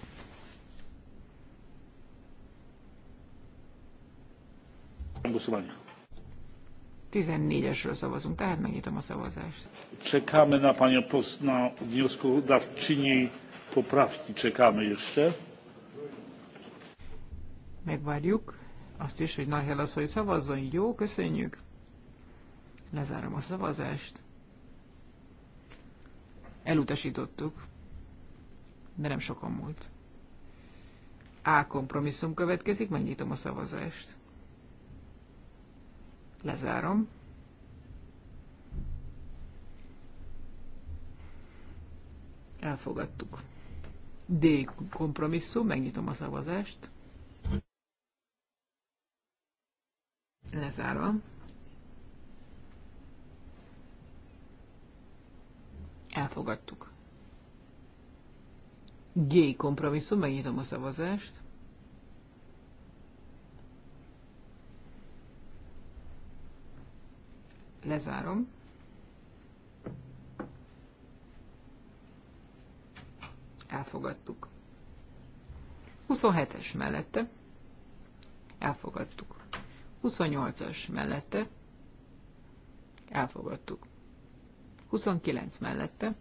Głosowanie. 14-esről szavazunk, tehát megnyitom a szavazást. Czekamy na panią na wnioskodawczyni poprawki, czekamy jeszcze. Megvárjuk azt is, hogy Nahel az, hogy szavazzon. Jó, köszönjük. Lezárom a szavazást. Elutasítottuk. De nem sokan múlt. A kompromisszum következik, megnyitom a szavazást. Lezárom. Elfogadtuk. D kompromisszum, megnyitom a szavazást. Lezárva. Elfogadtuk. G kompromisszum, megnyitom a szavazást. Lezárom. Elfogadtuk. 27-es mellette. Elfogadtuk. 28-as mellette elfogadtuk. 29 mellette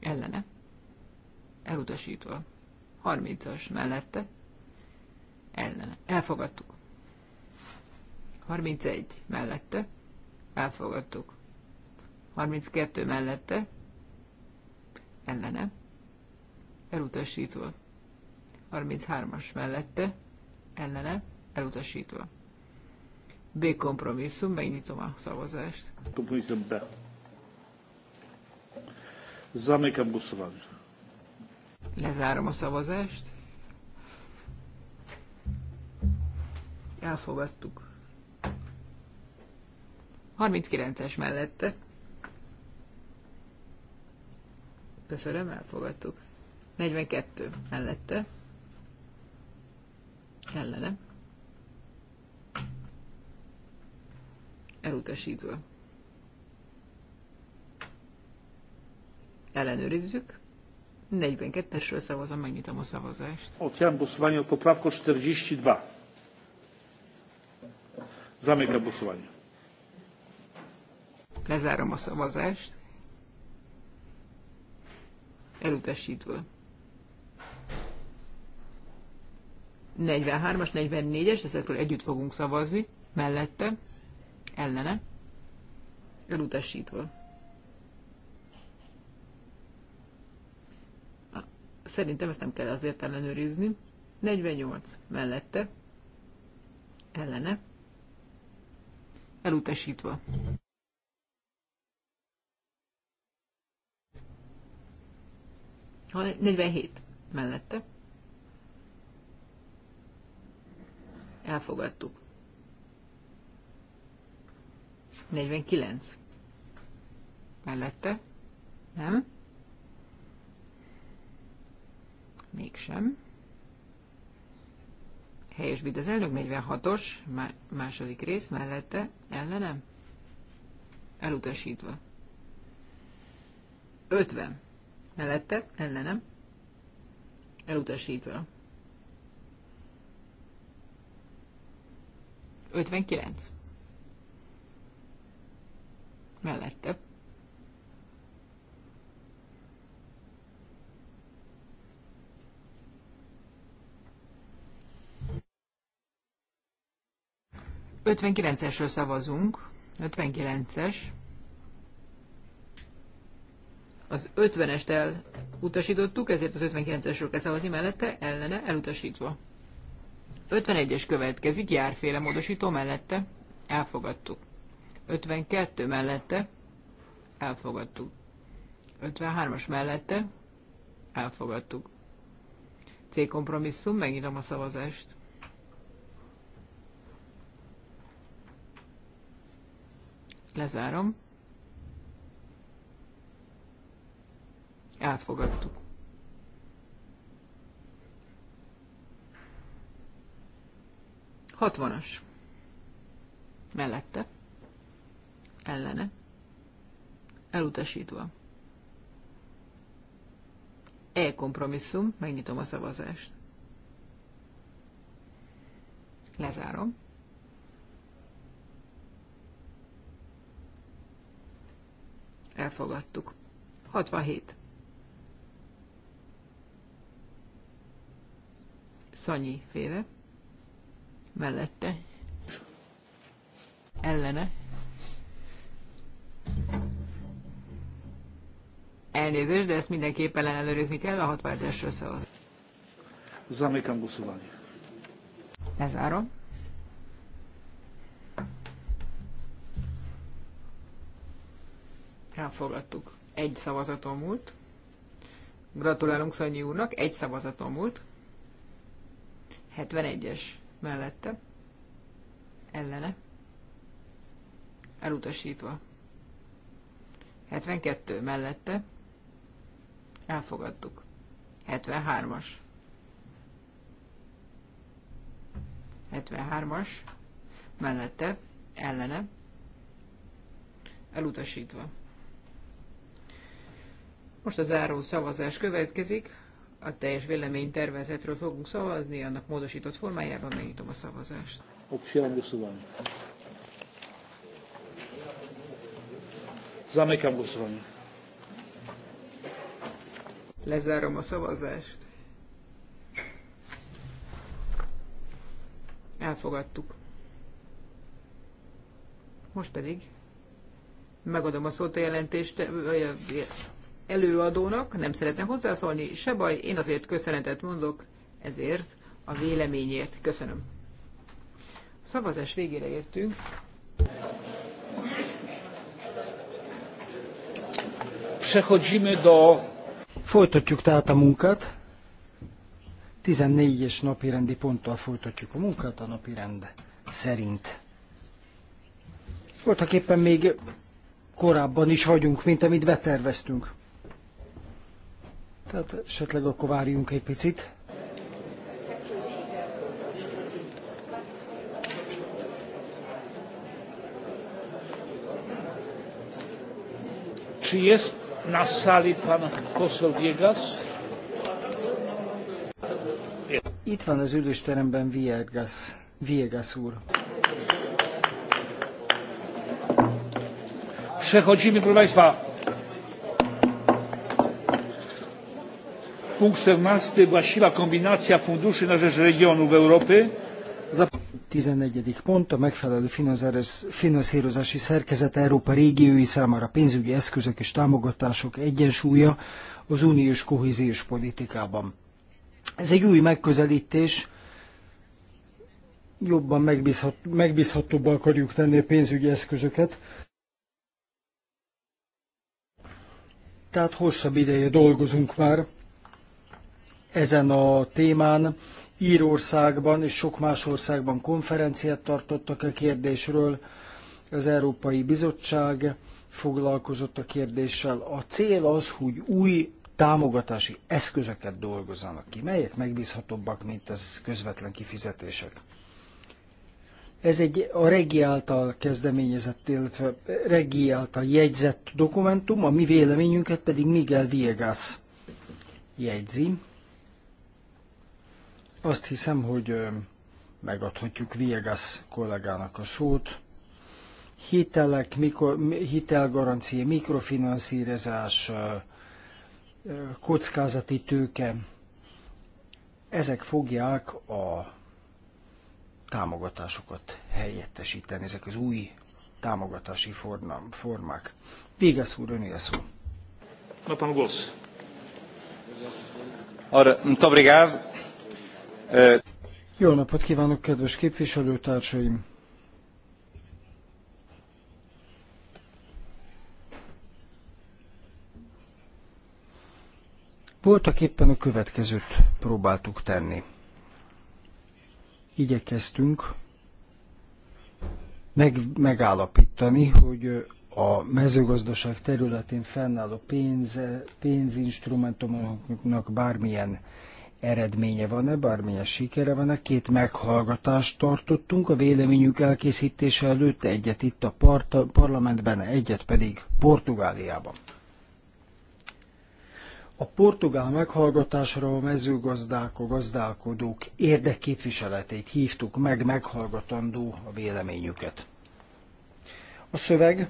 ellene elutasítva. 30-as mellette ellene elfogadtuk. 31 mellette elfogadtuk. 32 mellette ellene elutasítva. 33-as mellette ellene elutasítva. B kompromisszum, megnyitom a szavazást. Kompromisszum B. Zamykam głosowanie. Lezárom a szavazást. Elfogadtuk. 39-es mellette. Köszönöm, elfogadtuk. 42 mellette. Ellene. elutasítva. Ellenőrizzük. 42-esről szavazom, megnyitom a szavazást. Otwieram głosowanie nad poprawką 42. Zamykam głosowanie. Lezárom a szavazást. Elutasítva. 43-as, 44-es, ezekről együtt fogunk szavazni, mellette, ellene, elutasítva. Szerintem ezt nem kell azért ellenőrizni. 48 mellette, ellene, elutasítva. Ha 47 mellette, elfogadtuk. 49. Mellette? Nem? Mégsem. Helyesbít az elnök 46-os, második rész mellette, ellenem? Elutasítva. 50. Mellette, ellenem? Elutasítva. 59 mellette. Ötvenkilencesről szavazunk. 59-es. Az 50-est elutasítottuk, ezért az 59-esről kell szavazni mellette, ellene elutasítva. 51-es következik, járféle módosító mellette. Elfogadtuk. 52 mellette elfogadtuk. 53-as mellette elfogadtuk. C kompromisszum, megnyitom a szavazást. Lezárom. Elfogadtuk. Hatvanas. Mellette ellene elutasítva. E kompromisszum, megnyitom a szavazást. Lezárom. Elfogadtuk. 67. Szanyi féle. Mellette. Ellene. Elnézést, de ezt mindenképpen ellenőrizni kell a 61-esről szavaz. Zamykam głosowanie. Lezárom. Elfogadtuk. Egy szavazaton múlt. Gratulálunk Szanyi úrnak, egy szavazaton múlt. 71-es mellette. Ellene. Elutasítva. 72 mellette Elfogadtuk. 73-as. 73-as. Mellette, ellene. Elutasítva. Most a záró szavazás következik. A teljes véleménytervezetről fogunk szavazni, annak módosított formájában megnyitom a szavazást. Otwieram głosowanie. Zamykam głosowanie. Lezárom a szavazást. Elfogadtuk. Most pedig megadom a szót a jelentést előadónak, nem szeretne hozzászólni, se baj, én azért köszönetet mondok, ezért a véleményért. Köszönöm. A szavazás végére értünk. Przechodzimy do Folytatjuk tehát a munkát. 14-es napi rendi ponttal folytatjuk a munkát a napi rend szerint. Voltak éppen még korábban is vagyunk, mint amit beterveztünk. Tehát esetleg akkor várjunk egy picit. Czy na sali pan poseł Viegas. Itt van az ülésteremben Viegas, Viegas úr. Przechodzimy, proszę Państwa. Punkt 14. Właściwa kombinacja funduszy na rzecz regionów Europy. 14 pont a megfelelő finanszírozási szerkezet Európa régiói számára pénzügyi eszközök és támogatások egyensúlya az uniós kohéziós politikában. Ez egy új megközelítés, jobban megbízhat, megbízhatóbbá akarjuk tenni a pénzügyi eszközöket, tehát hosszabb ideje dolgozunk már ezen a témán, Írországban és sok más országban konferenciát tartottak a kérdésről. Az Európai Bizottság foglalkozott a kérdéssel. A cél az, hogy új támogatási eszközöket dolgozzanak ki, melyek megbízhatóbbak, mint az közvetlen kifizetések. Ez egy a regi által kezdeményezett, illetve regi által jegyzett dokumentum, a mi véleményünket pedig Miguel Viegas jegyzi. Azt hiszem, hogy megadhatjuk Viegas kollégának a szót. Hitelek, mikor, hitelgarancia, mikrofinanszírozás, kockázati tőke, ezek fogják a támogatásokat helyettesíteni, ezek az új támogatási formák. Véges úr, öné a szó. Napam muito obrigado. Jó napot kívánok, kedves képviselőtársaim! Voltak éppen a következőt próbáltuk tenni. Igyekeztünk meg, megállapítani, hogy a mezőgazdaság területén fennálló pénz, pénzinstrumentumoknak bármilyen eredménye van-e, bármilyen sikere van-e. Két meghallgatást tartottunk a véleményük elkészítése előtt, egyet itt a part- parlamentben, egyet pedig Portugáliában. A portugál meghallgatásra a mezőgazdák, a gazdálkodók érdekképviseletét hívtuk meg, meghallgatandó a véleményüket. A szöveg,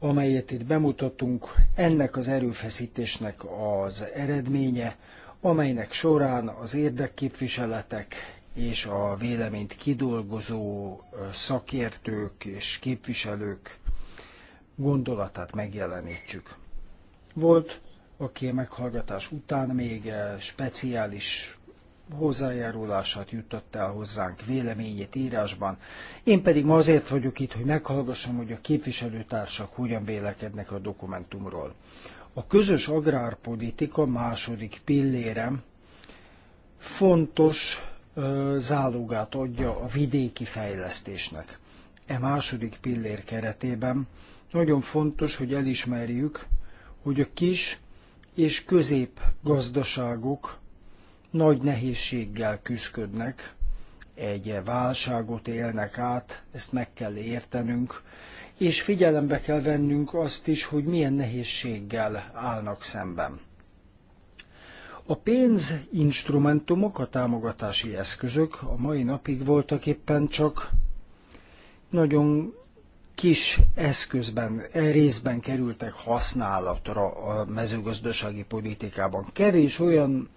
amelyet itt bemutatunk, ennek az erőfeszítésnek az eredménye, amelynek során az érdekképviseletek és a véleményt kidolgozó szakértők és képviselők gondolatát megjelenítsük. Volt, aki a meghallgatás után még speciális hozzájárulását jutott el hozzánk, véleményét írásban. Én pedig ma azért vagyok itt, hogy meghallgassam, hogy a képviselőtársak hogyan vélekednek a dokumentumról. A közös agrárpolitika második pillére fontos zálogát adja a vidéki fejlesztésnek. E második pillér keretében nagyon fontos, hogy elismerjük, hogy a kis és közép gazdaságok nagy nehézséggel küzdködnek, egy válságot élnek át, ezt meg kell értenünk, és figyelembe kell vennünk azt is, hogy milyen nehézséggel állnak szemben. A pénzinstrumentumok, a támogatási eszközök a mai napig voltak éppen csak nagyon kis eszközben, e részben kerültek használatra a mezőgazdasági politikában. Kevés olyan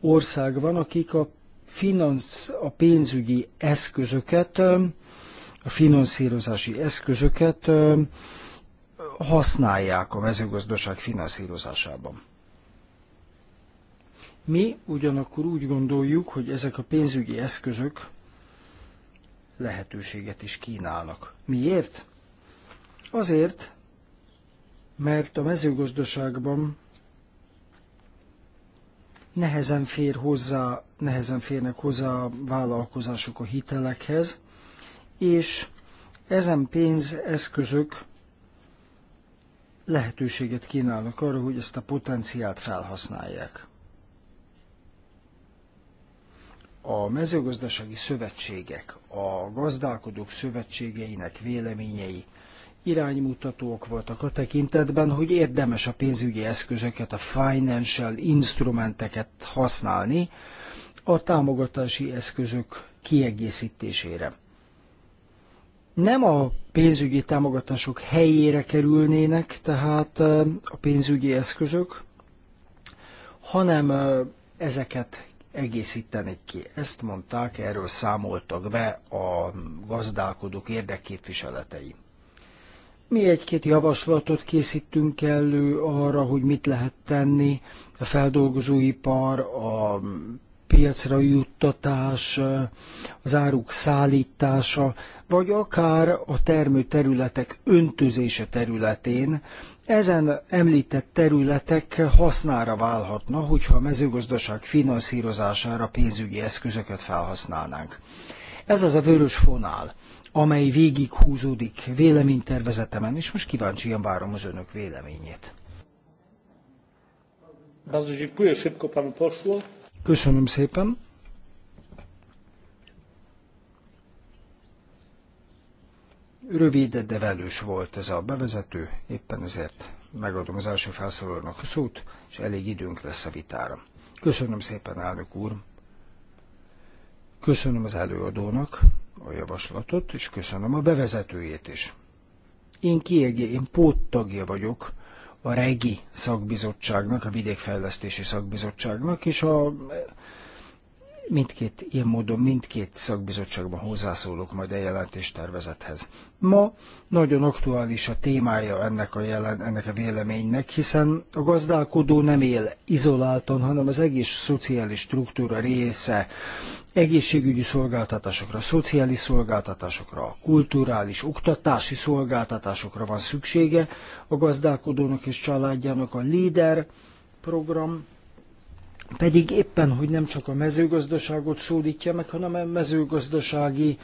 ország van, akik a finansz, a pénzügyi eszközöket, a finanszírozási eszközöket használják a mezőgazdaság finanszírozásában. Mi ugyanakkor úgy gondoljuk, hogy ezek a pénzügyi eszközök lehetőséget is kínálnak. Miért? Azért, mert a mezőgazdaságban nehezen, fér hozzá, nehezen férnek hozzá a vállalkozások a hitelekhez, és ezen pénzeszközök lehetőséget kínálnak arra, hogy ezt a potenciált felhasználják. A mezőgazdasági szövetségek, a gazdálkodók szövetségeinek véleményei iránymutatók voltak a tekintetben, hogy érdemes a pénzügyi eszközöket, a financial instrumenteket használni a támogatási eszközök kiegészítésére. Nem a pénzügyi támogatások helyére kerülnének, tehát a pénzügyi eszközök, hanem ezeket egészítenék ki. Ezt mondták, erről számoltak be a gazdálkodók érdekképviseletei. Mi egy-két javaslatot készítünk elő arra, hogy mit lehet tenni, a feldolgozóipar, a piacra juttatás, az áruk szállítása, vagy akár a termőterületek öntözése területén. Ezen említett területek hasznára válhatna, hogyha a mezőgazdaság finanszírozására pénzügyi eszközöket felhasználnánk. Ez az a vörös fonál, amely végig húzódik véleménytervezetemen, és most kíváncsian várom az önök véleményét. Köszönöm szépen. Rövid, de velős volt ez a bevezető, éppen ezért megadom az első felszólalónak a szót, és elég időnk lesz a vitára. Köszönöm szépen, elnök úr! Köszönöm az előadónak, a javaslatot, és köszönöm a bevezetőjét is. Én kiegé, én póttagja vagyok a REGI szakbizottságnak, a vidékfejlesztési szakbizottságnak, és a mindkét, ilyen módon mindkét szakbizottságban hozzászólok majd a jelentéstervezethez. Ma nagyon aktuális a témája ennek a, jelen, ennek a véleménynek, hiszen a gazdálkodó nem él izoláltan, hanem az egész szociális struktúra része egészségügyi szolgáltatásokra, szociális szolgáltatásokra, kulturális, oktatási szolgáltatásokra van szüksége a gazdálkodónak és családjának a LEADER program pedig éppen, hogy nem csak a mezőgazdaságot szólítja meg, hanem a mezőgazdasági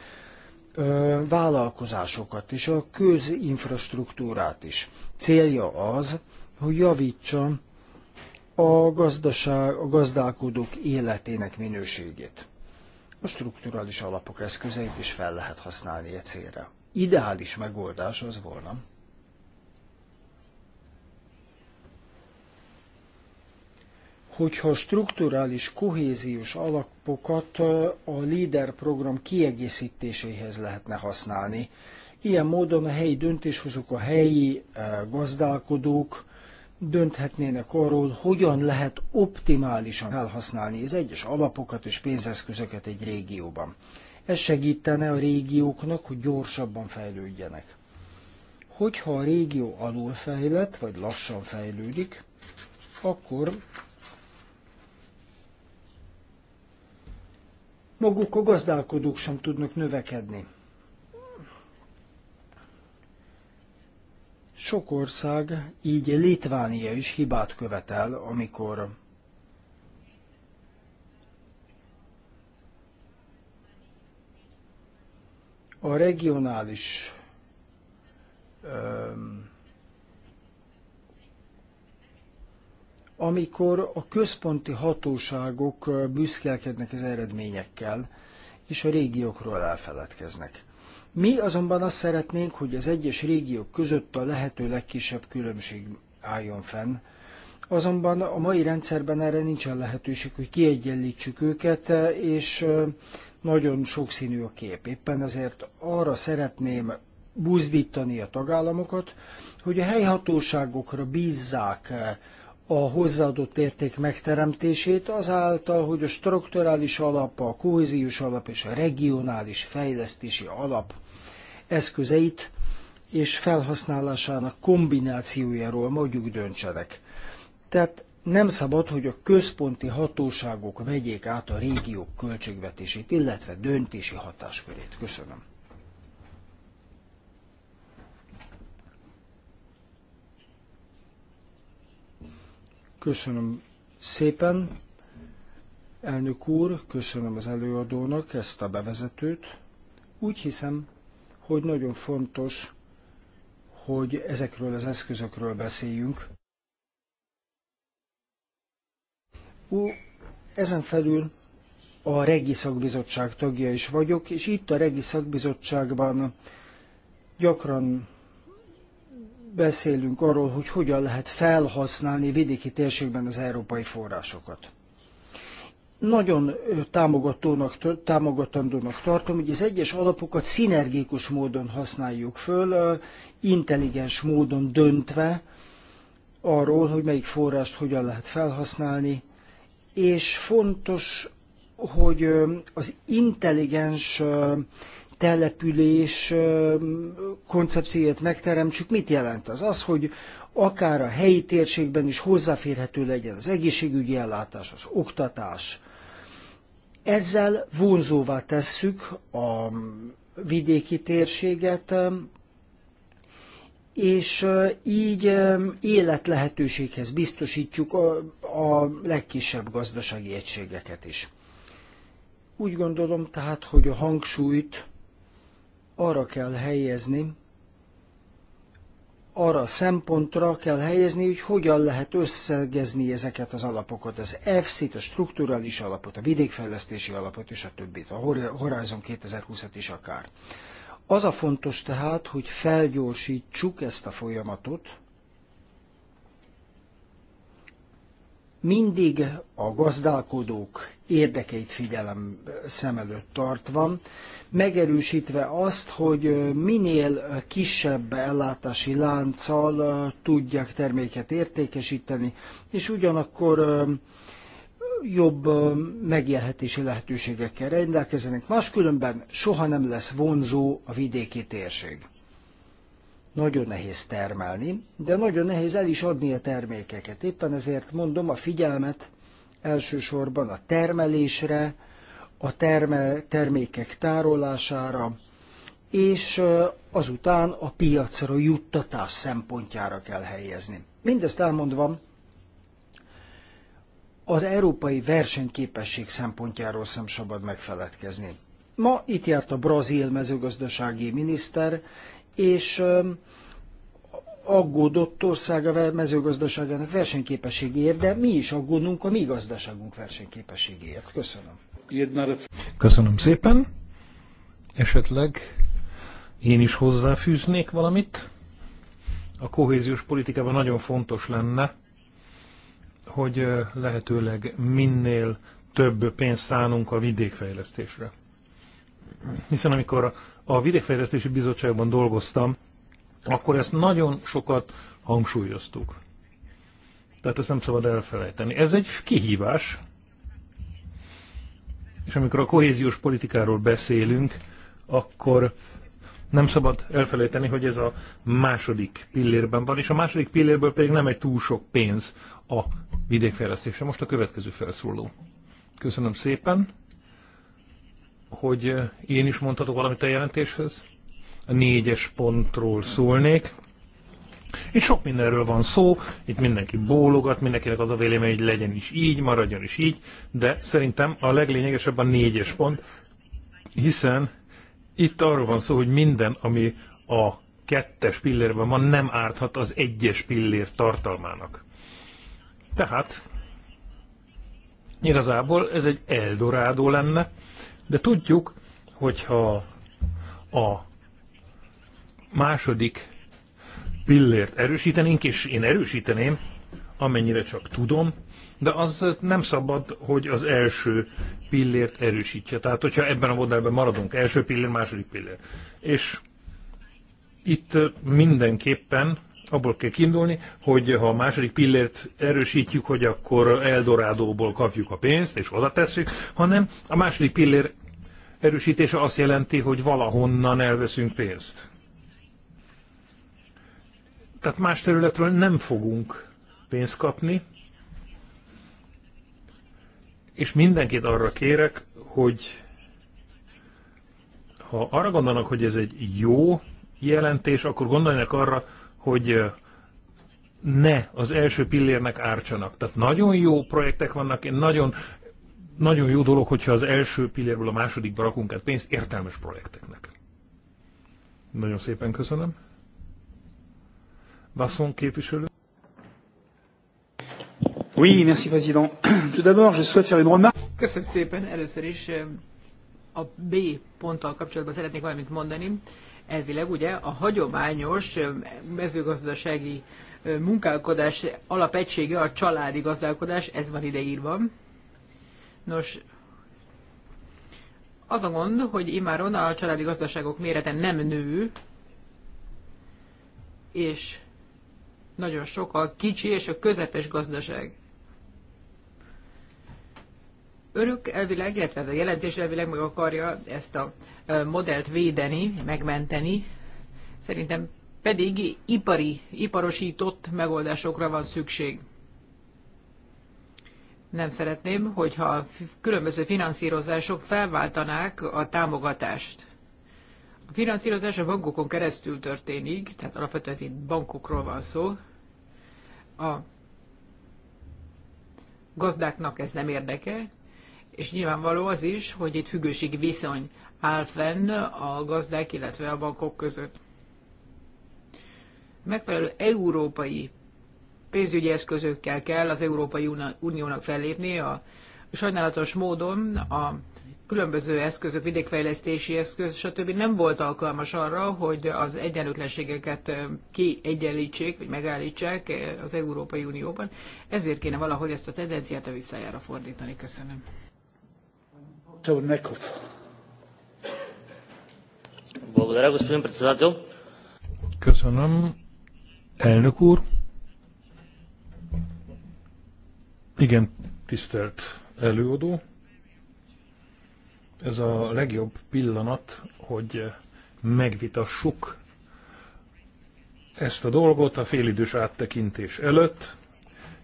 ö, vállalkozásokat és a közinfrastruktúrát is. Célja az, hogy javítsa a, gazdaság, a gazdálkodók életének minőségét. A strukturális alapok eszközeit is fel lehet használni egy célra. Ideális megoldás az volna, hogyha strukturális kohéziós alapokat a LEADER program kiegészítéséhez lehetne használni. Ilyen módon a helyi döntéshozók, a helyi gazdálkodók dönthetnének arról, hogyan lehet optimálisan felhasználni az egyes alapokat és pénzeszközöket egy régióban. Ez segítene a régióknak, hogy gyorsabban fejlődjenek. Hogyha a régió alulfejlett vagy lassan fejlődik, akkor maguk a gazdálkodók sem tudnak növekedni. Sok ország, így Litvánia is hibát követel, amikor a regionális amikor a központi hatóságok büszkélkednek az eredményekkel, és a régiókról elfeledkeznek. Mi azonban azt szeretnénk, hogy az egyes régiók között a lehető legkisebb különbség álljon fenn, azonban a mai rendszerben erre nincsen lehetőség, hogy kiegyenlítsük őket, és nagyon sokszínű a kép. Éppen ezért arra szeretném buzdítani a tagállamokat, hogy a helyhatóságokra bízzák a hozzáadott érték megteremtését azáltal, hogy a strukturális alap, a kohéziós alap és a regionális fejlesztési alap eszközeit és felhasználásának kombinációjáról mondjuk döntsenek. Tehát nem szabad, hogy a központi hatóságok vegyék át a régiók költségvetését, illetve döntési hatáskörét. Köszönöm. Köszönöm szépen, elnök úr, köszönöm az előadónak ezt a bevezetőt. Úgy hiszem, hogy nagyon fontos, hogy ezekről az eszközökről beszéljünk. Ú, ezen felül a Regi Szakbizottság tagja is vagyok, és itt a Regi Szakbizottságban gyakran beszélünk arról, hogy hogyan lehet felhasználni vidéki térségben az európai forrásokat. Nagyon támogatónak, támogatandónak tartom, hogy az egyes alapokat szinergikus módon használjuk föl, intelligens módon döntve arról, hogy melyik forrást hogyan lehet felhasználni, és fontos, hogy az intelligens település koncepcióját megteremtsük, mit jelent az? Az, hogy akár a helyi térségben is hozzáférhető legyen az egészségügyi ellátás, az oktatás. Ezzel vonzóvá tesszük a vidéki térséget, és így életlehetőséghez biztosítjuk a, legkisebb gazdasági egységeket is. Úgy gondolom tehát, hogy a hangsúlyt arra kell helyezni, arra a szempontra kell helyezni, hogy hogyan lehet összegezni ezeket az alapokat, az EFSZ-t, a strukturális alapot, a vidékfejlesztési alapot és a többit, a Horizon 2020-at is akár. Az a fontos tehát, hogy felgyorsítsuk ezt a folyamatot, mindig a gazdálkodók érdekeit figyelem szem előtt tartva, megerősítve azt, hogy minél kisebb ellátási lánccal tudják terméket értékesíteni, és ugyanakkor jobb megélhetési lehetőségekkel rendelkezenek, máskülönben soha nem lesz vonzó a vidéki térség. Nagyon nehéz termelni, de nagyon nehéz el is adni a termékeket. Éppen ezért mondom, a figyelmet elsősorban a termelésre, a terme, termékek tárolására, és azután a piacra juttatás szempontjára kell helyezni. Mindezt elmondva, az európai versenyképesség szempontjáról sem szabad megfeledkezni. Ma itt járt a brazil mezőgazdasági miniszter, és aggódott országa mezőgazdaságának versenyképességéért, de mi is aggódunk a mi gazdaságunk versenyképességéért. Köszönöm. Köszönöm szépen. Esetleg én is hozzáfűznék valamit. A kohéziós politikában nagyon fontos lenne, hogy lehetőleg minél több pénzt szánunk a vidékfejlesztésre. Hiszen amikor a Vidékfejlesztési Bizottságban dolgoztam, akkor ezt nagyon sokat hangsúlyoztuk. Tehát ezt nem szabad elfelejteni. Ez egy kihívás, és amikor a kohéziós politikáról beszélünk, akkor nem szabad elfelejteni, hogy ez a második pillérben van, és a második pillérből pedig nem egy túl sok pénz a vidékfejlesztésre. Most a következő felszóló. Köszönöm szépen, hogy én is mondhatok valamit a jelentéshez négyes pontról szólnék. Itt sok mindenről van szó, itt mindenki bólogat, mindenkinek az a vélemény, hogy legyen is így, maradjon is így, de szerintem a leglényegesebb a négyes pont, hiszen itt arról van szó, hogy minden, ami a kettes pillérben van, nem árthat az egyes pillér tartalmának. Tehát igazából ez egy eldorádó lenne, de tudjuk, hogyha a második pillért erősítenénk, és én erősíteném, amennyire csak tudom, de az nem szabad, hogy az első pillért erősítse. Tehát, hogyha ebben a modellben maradunk, első pillér, második pillér. És itt mindenképpen abból kell kiindulni, hogy ha a második pillért erősítjük, hogy akkor Eldorádóból kapjuk a pénzt, és oda tesszük, hanem a második pillér erősítése azt jelenti, hogy valahonnan elveszünk pénzt. Tehát más területről nem fogunk pénzt kapni, és mindenkit arra kérek, hogy ha arra gondolnak, hogy ez egy jó jelentés, akkor gondoljanak arra, hogy ne az első pillérnek ártsanak. Tehát nagyon jó projektek vannak, én nagyon, nagyon jó dolog, hogyha az első pillérből a másodikba rakunk át pénzt értelmes projekteknek. Nagyon szépen köszönöm. Basson képviselő. Oui, merci président. Tout d'abord, je souhaite faire une remarque. Köszönöm szépen. Először is eh, a B ponttal kapcsolatban szeretnék valamit mondani. Elvileg ugye a hagyományos eh, mezőgazdasági eh, munkálkodás alapegysége a családi gazdálkodás, ez van ideírva. Nos, az a gond, hogy immáron a családi gazdaságok mérete nem nő, és nagyon sok a kicsi és a közepes gazdaság. Örök elvileg, illetve ez a jelentés elvileg meg akarja ezt a modellt védeni, megmenteni. Szerintem pedig ipari, iparosított megoldásokra van szükség. Nem szeretném, hogyha különböző finanszírozások felváltanák a támogatást finanszírozás a bankokon keresztül történik, tehát alapvetően itt bankokról van szó. A gazdáknak ez nem érdeke, és nyilvánvaló az is, hogy itt függőség viszony áll fenn a gazdák, illetve a bankok között. Megfelelő európai pénzügyi eszközökkel kell az Európai Uniónak fellépni. A sajnálatos módon a különböző eszközök, vidékfejlesztési eszköz, stb. nem volt alkalmas arra, hogy az egyenlőtlenségeket kiegyenlítsék, vagy megállítsák az Európai Unióban. Ezért kéne valahogy ezt a tendenciát a visszájára fordítani. Köszönöm. Köszönöm. Elnök úr. Igen, tisztelt előadó ez a legjobb pillanat, hogy megvitassuk ezt a dolgot a félidős áttekintés előtt,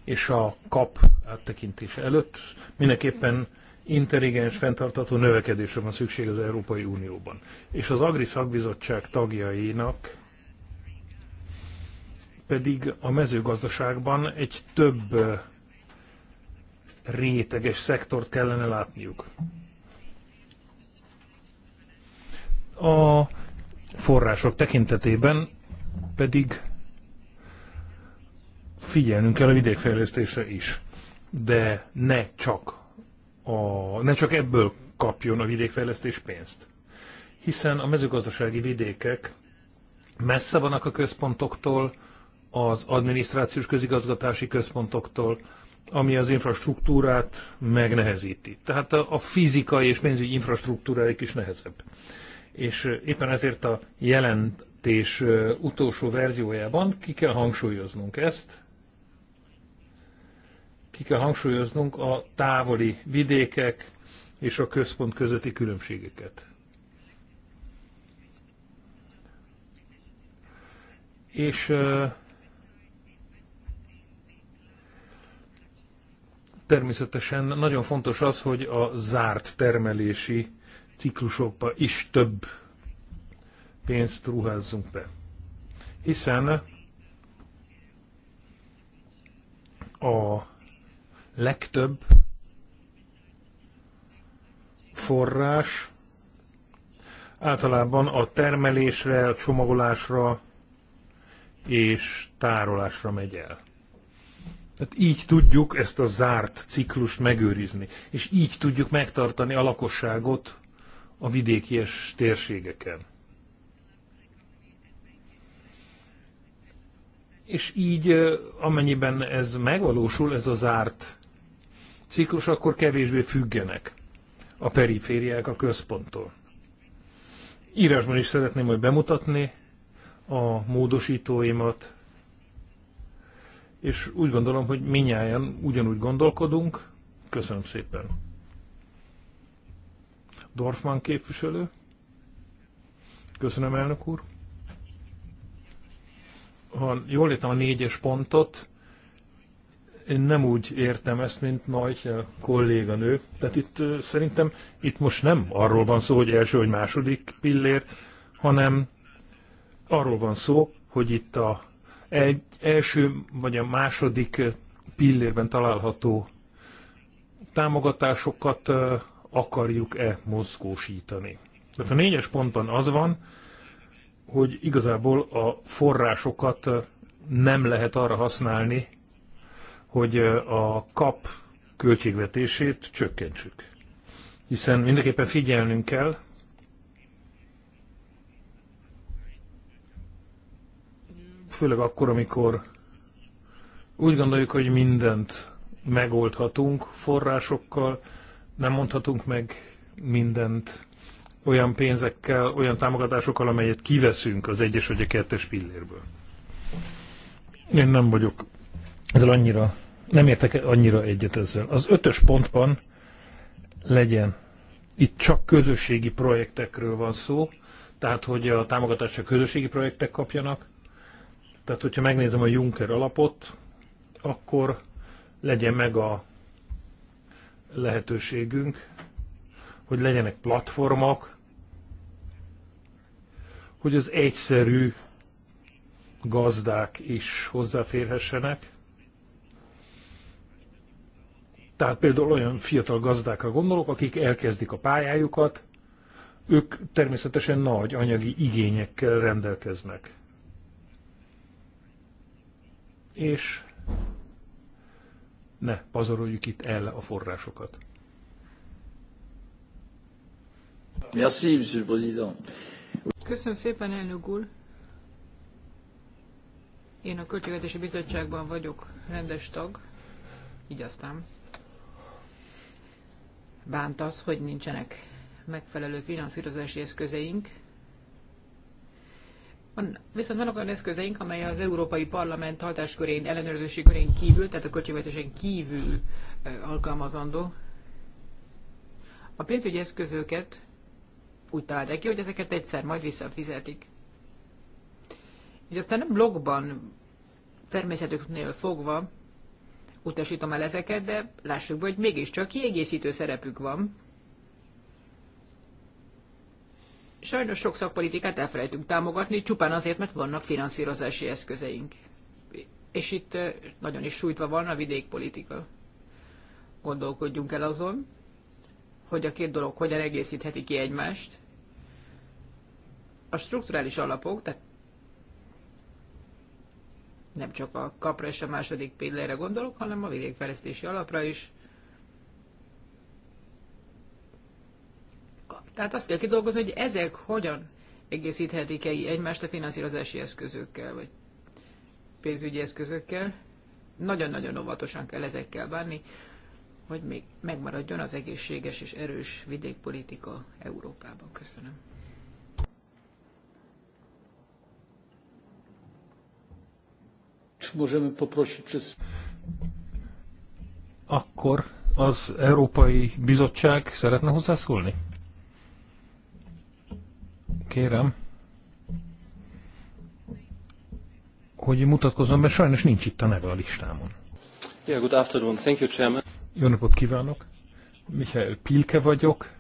és a kap áttekintés előtt. Mindenképpen intelligens, fenntartató növekedésre van szükség az Európai Unióban. És az Agri Szakbizottság tagjainak pedig a mezőgazdaságban egy több réteges szektort kellene látniuk. A források tekintetében pedig figyelnünk kell a vidékfejlesztésre is. De ne csak, a, ne csak ebből kapjon a vidékfejlesztés pénzt. Hiszen a mezőgazdasági vidékek messze vannak a központoktól, az adminisztrációs közigazgatási központoktól, ami az infrastruktúrát megnehezíti. Tehát a fizikai és pénzügyi infrastruktúráik is nehezebb és éppen ezért a jelentés utolsó verziójában ki kell hangsúlyoznunk ezt, ki kell hangsúlyoznunk a távoli vidékek és a központ közötti különbségeket. És természetesen nagyon fontos az, hogy a zárt termelési ciklusokba is több pénzt ruházzunk be. Hiszen a legtöbb forrás általában a termelésre, a csomagolásra és tárolásra megy el. Tehát így tudjuk ezt a zárt ciklust megőrizni, és így tudjuk megtartani a lakosságot a vidékies térségeken. És így, amennyiben ez megvalósul, ez a zárt ciklus, akkor kevésbé függenek a perifériák a központtól. Írásban is szeretném majd bemutatni a módosítóimat, és úgy gondolom, hogy minnyáján ugyanúgy gondolkodunk. Köszönöm szépen! Dorfman képviselő. Köszönöm, elnök úr. Ha jól értem a négyes pontot, én nem úgy értem ezt, mint nagy kolléganő. Tehát itt szerintem itt most nem arról van szó, hogy első vagy második pillér, hanem arról van szó, hogy itt a egy első vagy a második pillérben található támogatásokat akarjuk-e mozgósítani. Tehát a négyes pontban az van, hogy igazából a forrásokat nem lehet arra használni, hogy a kap költségvetését csökkentsük. Hiszen mindenképpen figyelnünk kell, főleg akkor, amikor úgy gondoljuk, hogy mindent megoldhatunk forrásokkal, nem mondhatunk meg mindent olyan pénzekkel, olyan támogatásokkal, amelyet kiveszünk az egyes vagy a kettes pillérből. Én nem vagyok ezzel annyira, nem értek annyira egyet ezzel. Az ötös pontban legyen, itt csak közösségi projektekről van szó, tehát hogy a támogatást csak közösségi projektek kapjanak. Tehát, hogyha megnézem a Juncker alapot, akkor legyen meg a lehetőségünk, hogy legyenek platformok, hogy az egyszerű gazdák is hozzáférhessenek. Tehát például olyan fiatal gazdákra gondolok, akik elkezdik a pályájukat, ők természetesen nagy anyagi igényekkel rendelkeznek. És ne pazaroljuk itt el a forrásokat. Merci, monsieur le président. Köszönöm szépen, elnök úr. Én a Költségvetési Bizottságban vagyok rendes tag, így aztán bánt az, hogy nincsenek megfelelő finanszírozási eszközeink, Viszont vannak olyan eszközeink, amely az Európai Parlament hatáskörén, ellenőrzési körén kívül, tehát a költségvetésen kívül alkalmazandó. A pénzügyi eszközöket úgy találták ki, hogy ezeket egyszer majd visszafizetik. És aztán blogban természetüknél fogva utasítom el ezeket, de lássuk be, hogy mégiscsak kiegészítő szerepük van Sajnos sok szakpolitikát elfelejtünk támogatni, csupán azért, mert vannak finanszírozási eszközeink. És itt nagyon is sújtva van a vidékpolitika. Gondolkodjunk el azon, hogy a két dolog hogyan egészítheti ki egymást. A strukturális alapok, tehát nem csak a kapra és a második pillére gondolok, hanem a vidékfejlesztési alapra is, Tehát azt kell kidolgozni, hogy ezek hogyan egészíthetik -e egymást a finanszírozási eszközökkel, vagy pénzügyi eszközökkel. Nagyon-nagyon óvatosan kell ezekkel bánni, hogy még megmaradjon az egészséges és erős vidékpolitika Európában. Köszönöm. Akkor az Európai Bizottság szeretne hozzászólni? kérem, hogy mutatkozzon, mert sajnos nincs itt a neve a listámon. Yeah, good afternoon. Thank you, Chairman. Jó napot kívánok. Michael Pilke vagyok.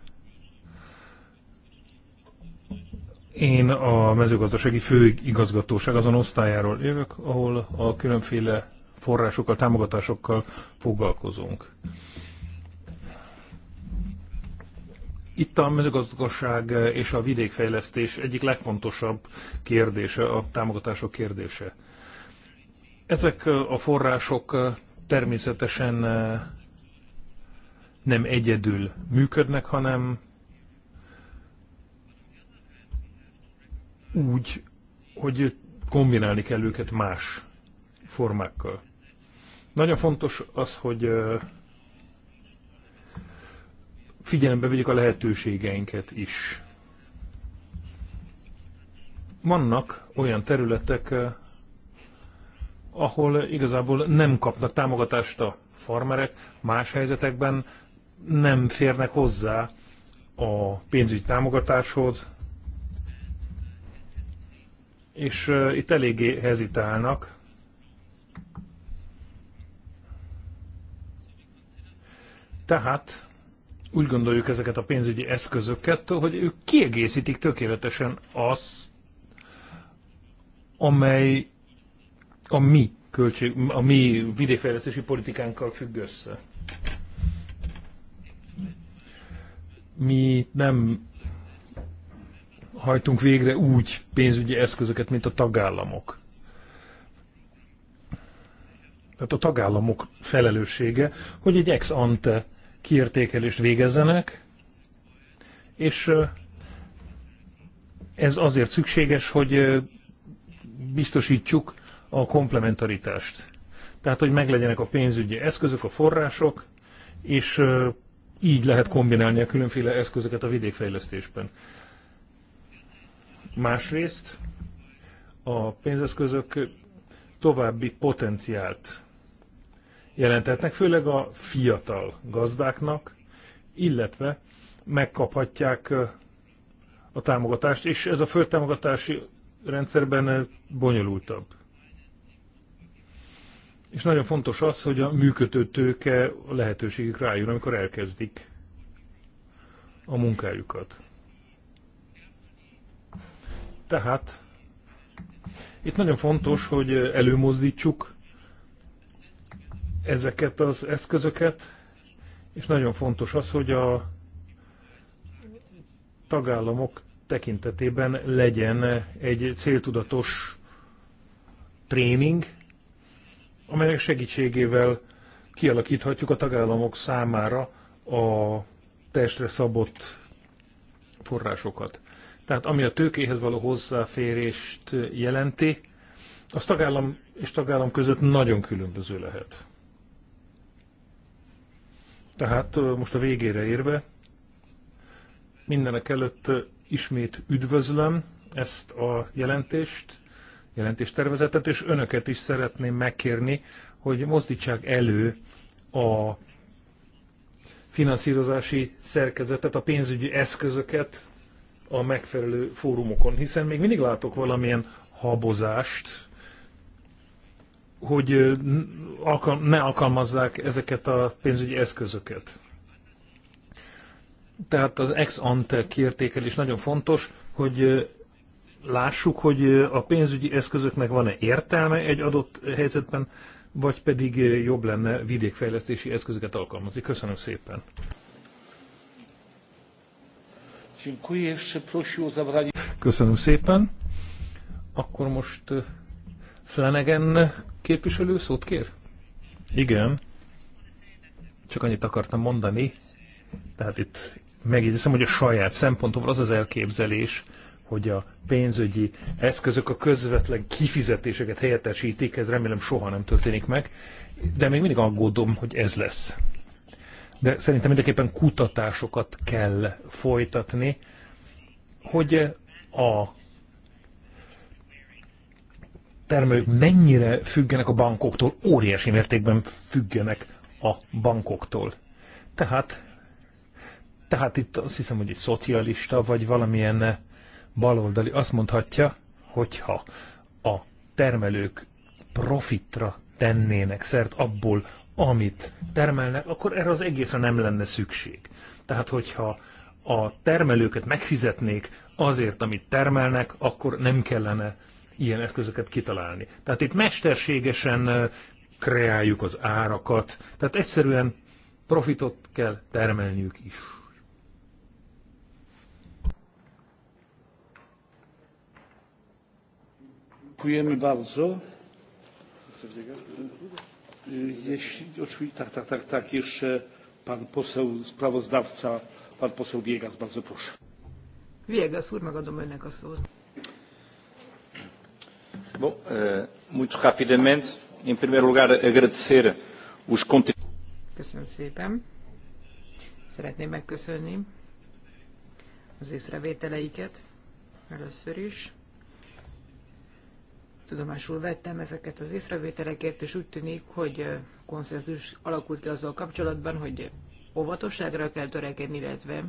Én a mezőgazdasági főigazgatóság azon osztályáról jövök, ahol a különféle forrásokkal, támogatásokkal foglalkozunk. Itt a mezőgazdaság és a vidékfejlesztés egyik legfontosabb kérdése, a támogatások kérdése. Ezek a források természetesen nem egyedül működnek, hanem úgy, hogy kombinálni kell őket más formákkal. Nagyon fontos az, hogy figyelembe vegyük a lehetőségeinket is. Vannak olyan területek, eh, ahol igazából nem kapnak támogatást a farmerek, más helyzetekben nem férnek hozzá a pénzügyi támogatáshoz, és eh, itt eléggé hezitálnak. Tehát úgy gondoljuk ezeket a pénzügyi eszközöket, hogy ők kiegészítik tökéletesen azt, amely a mi költség, a mi vidékfejlesztési politikánkkal függ össze. Mi nem hajtunk végre úgy pénzügyi eszközöket, mint a tagállamok. Tehát a tagállamok felelőssége, hogy egy ex ante kiértékelést végezzenek, és ez azért szükséges, hogy biztosítsuk a komplementaritást. Tehát, hogy meglegyenek a pénzügyi eszközök, a források, és így lehet kombinálni a különféle eszközöket a vidékfejlesztésben. Másrészt a pénzeszközök további potenciált jelentetnek, főleg a fiatal gazdáknak, illetve megkaphatják a támogatást, és ez a földtámogatási rendszerben bonyolultabb. És nagyon fontos az, hogy a működő tőke lehetőségük rájön, amikor elkezdik a munkájukat. Tehát itt nagyon fontos, hogy előmozdítsuk ezeket az eszközöket, és nagyon fontos az, hogy a tagállamok tekintetében legyen egy céltudatos tréning, amelynek segítségével kialakíthatjuk a tagállamok számára a testre szabott forrásokat. Tehát ami a tőkéhez való hozzáférést jelenti, az tagállam és tagállam között nagyon különböző lehet. Tehát most a végére érve, mindenek előtt ismét üdvözlöm ezt a jelentést, jelentéstervezetet, és önöket is szeretném megkérni, hogy mozdítsák elő a finanszírozási szerkezetet, a pénzügyi eszközöket a megfelelő fórumokon, hiszen még mindig látok valamilyen habozást hogy ne alkalmazzák ezeket a pénzügyi eszközöket. Tehát az ex ante kiértékelés nagyon fontos, hogy lássuk, hogy a pénzügyi eszközöknek van-e értelme egy adott helyzetben, vagy pedig jobb lenne vidékfejlesztési eszközöket alkalmazni. Köszönöm szépen. Köszönöm szépen. Akkor most Flanagan képviselő szót kér? Igen. Csak annyit akartam mondani, tehát itt megjegyzem, hogy a saját szempontomra az az elképzelés, hogy a pénzügyi eszközök a közvetlen kifizetéseket helyettesítik, ez remélem soha nem történik meg, de még mindig aggódom, hogy ez lesz. De szerintem mindenképpen kutatásokat kell folytatni, hogy a termelők mennyire függenek a bankoktól, óriási mértékben függenek a bankoktól. Tehát, tehát itt azt hiszem, hogy egy szocialista vagy valamilyen baloldali azt mondhatja, hogyha a termelők profitra tennének szert abból, amit termelnek, akkor erre az egészre nem lenne szükség. Tehát, hogyha a termelőket megfizetnék azért, amit termelnek, akkor nem kellene ilyen eszközöket kitalálni. Tehát itt mesterségesen kreáljuk az árakat, tehát egyszerűen profitot kell termelniük is. Dziękujemy bardzo. Jeśli, oczywiście, tak, tak, tak, tak, jeszcze pan poseł sprawozdawca, pan poseł Wiegas, bardzo proszę. Wiegas úr, megadom önnek a szót. Bom, eh, muito rapidamente, em primeiro lugar, agradecer os Köszönöm szépen. Szeretném megköszönni az észrevételeiket először is. Tudomásul vettem ezeket az észrevételeket, és úgy tűnik, hogy eh, konszenzus alakult ki azzal kapcsolatban, hogy óvatosságra kell törekedni, illetve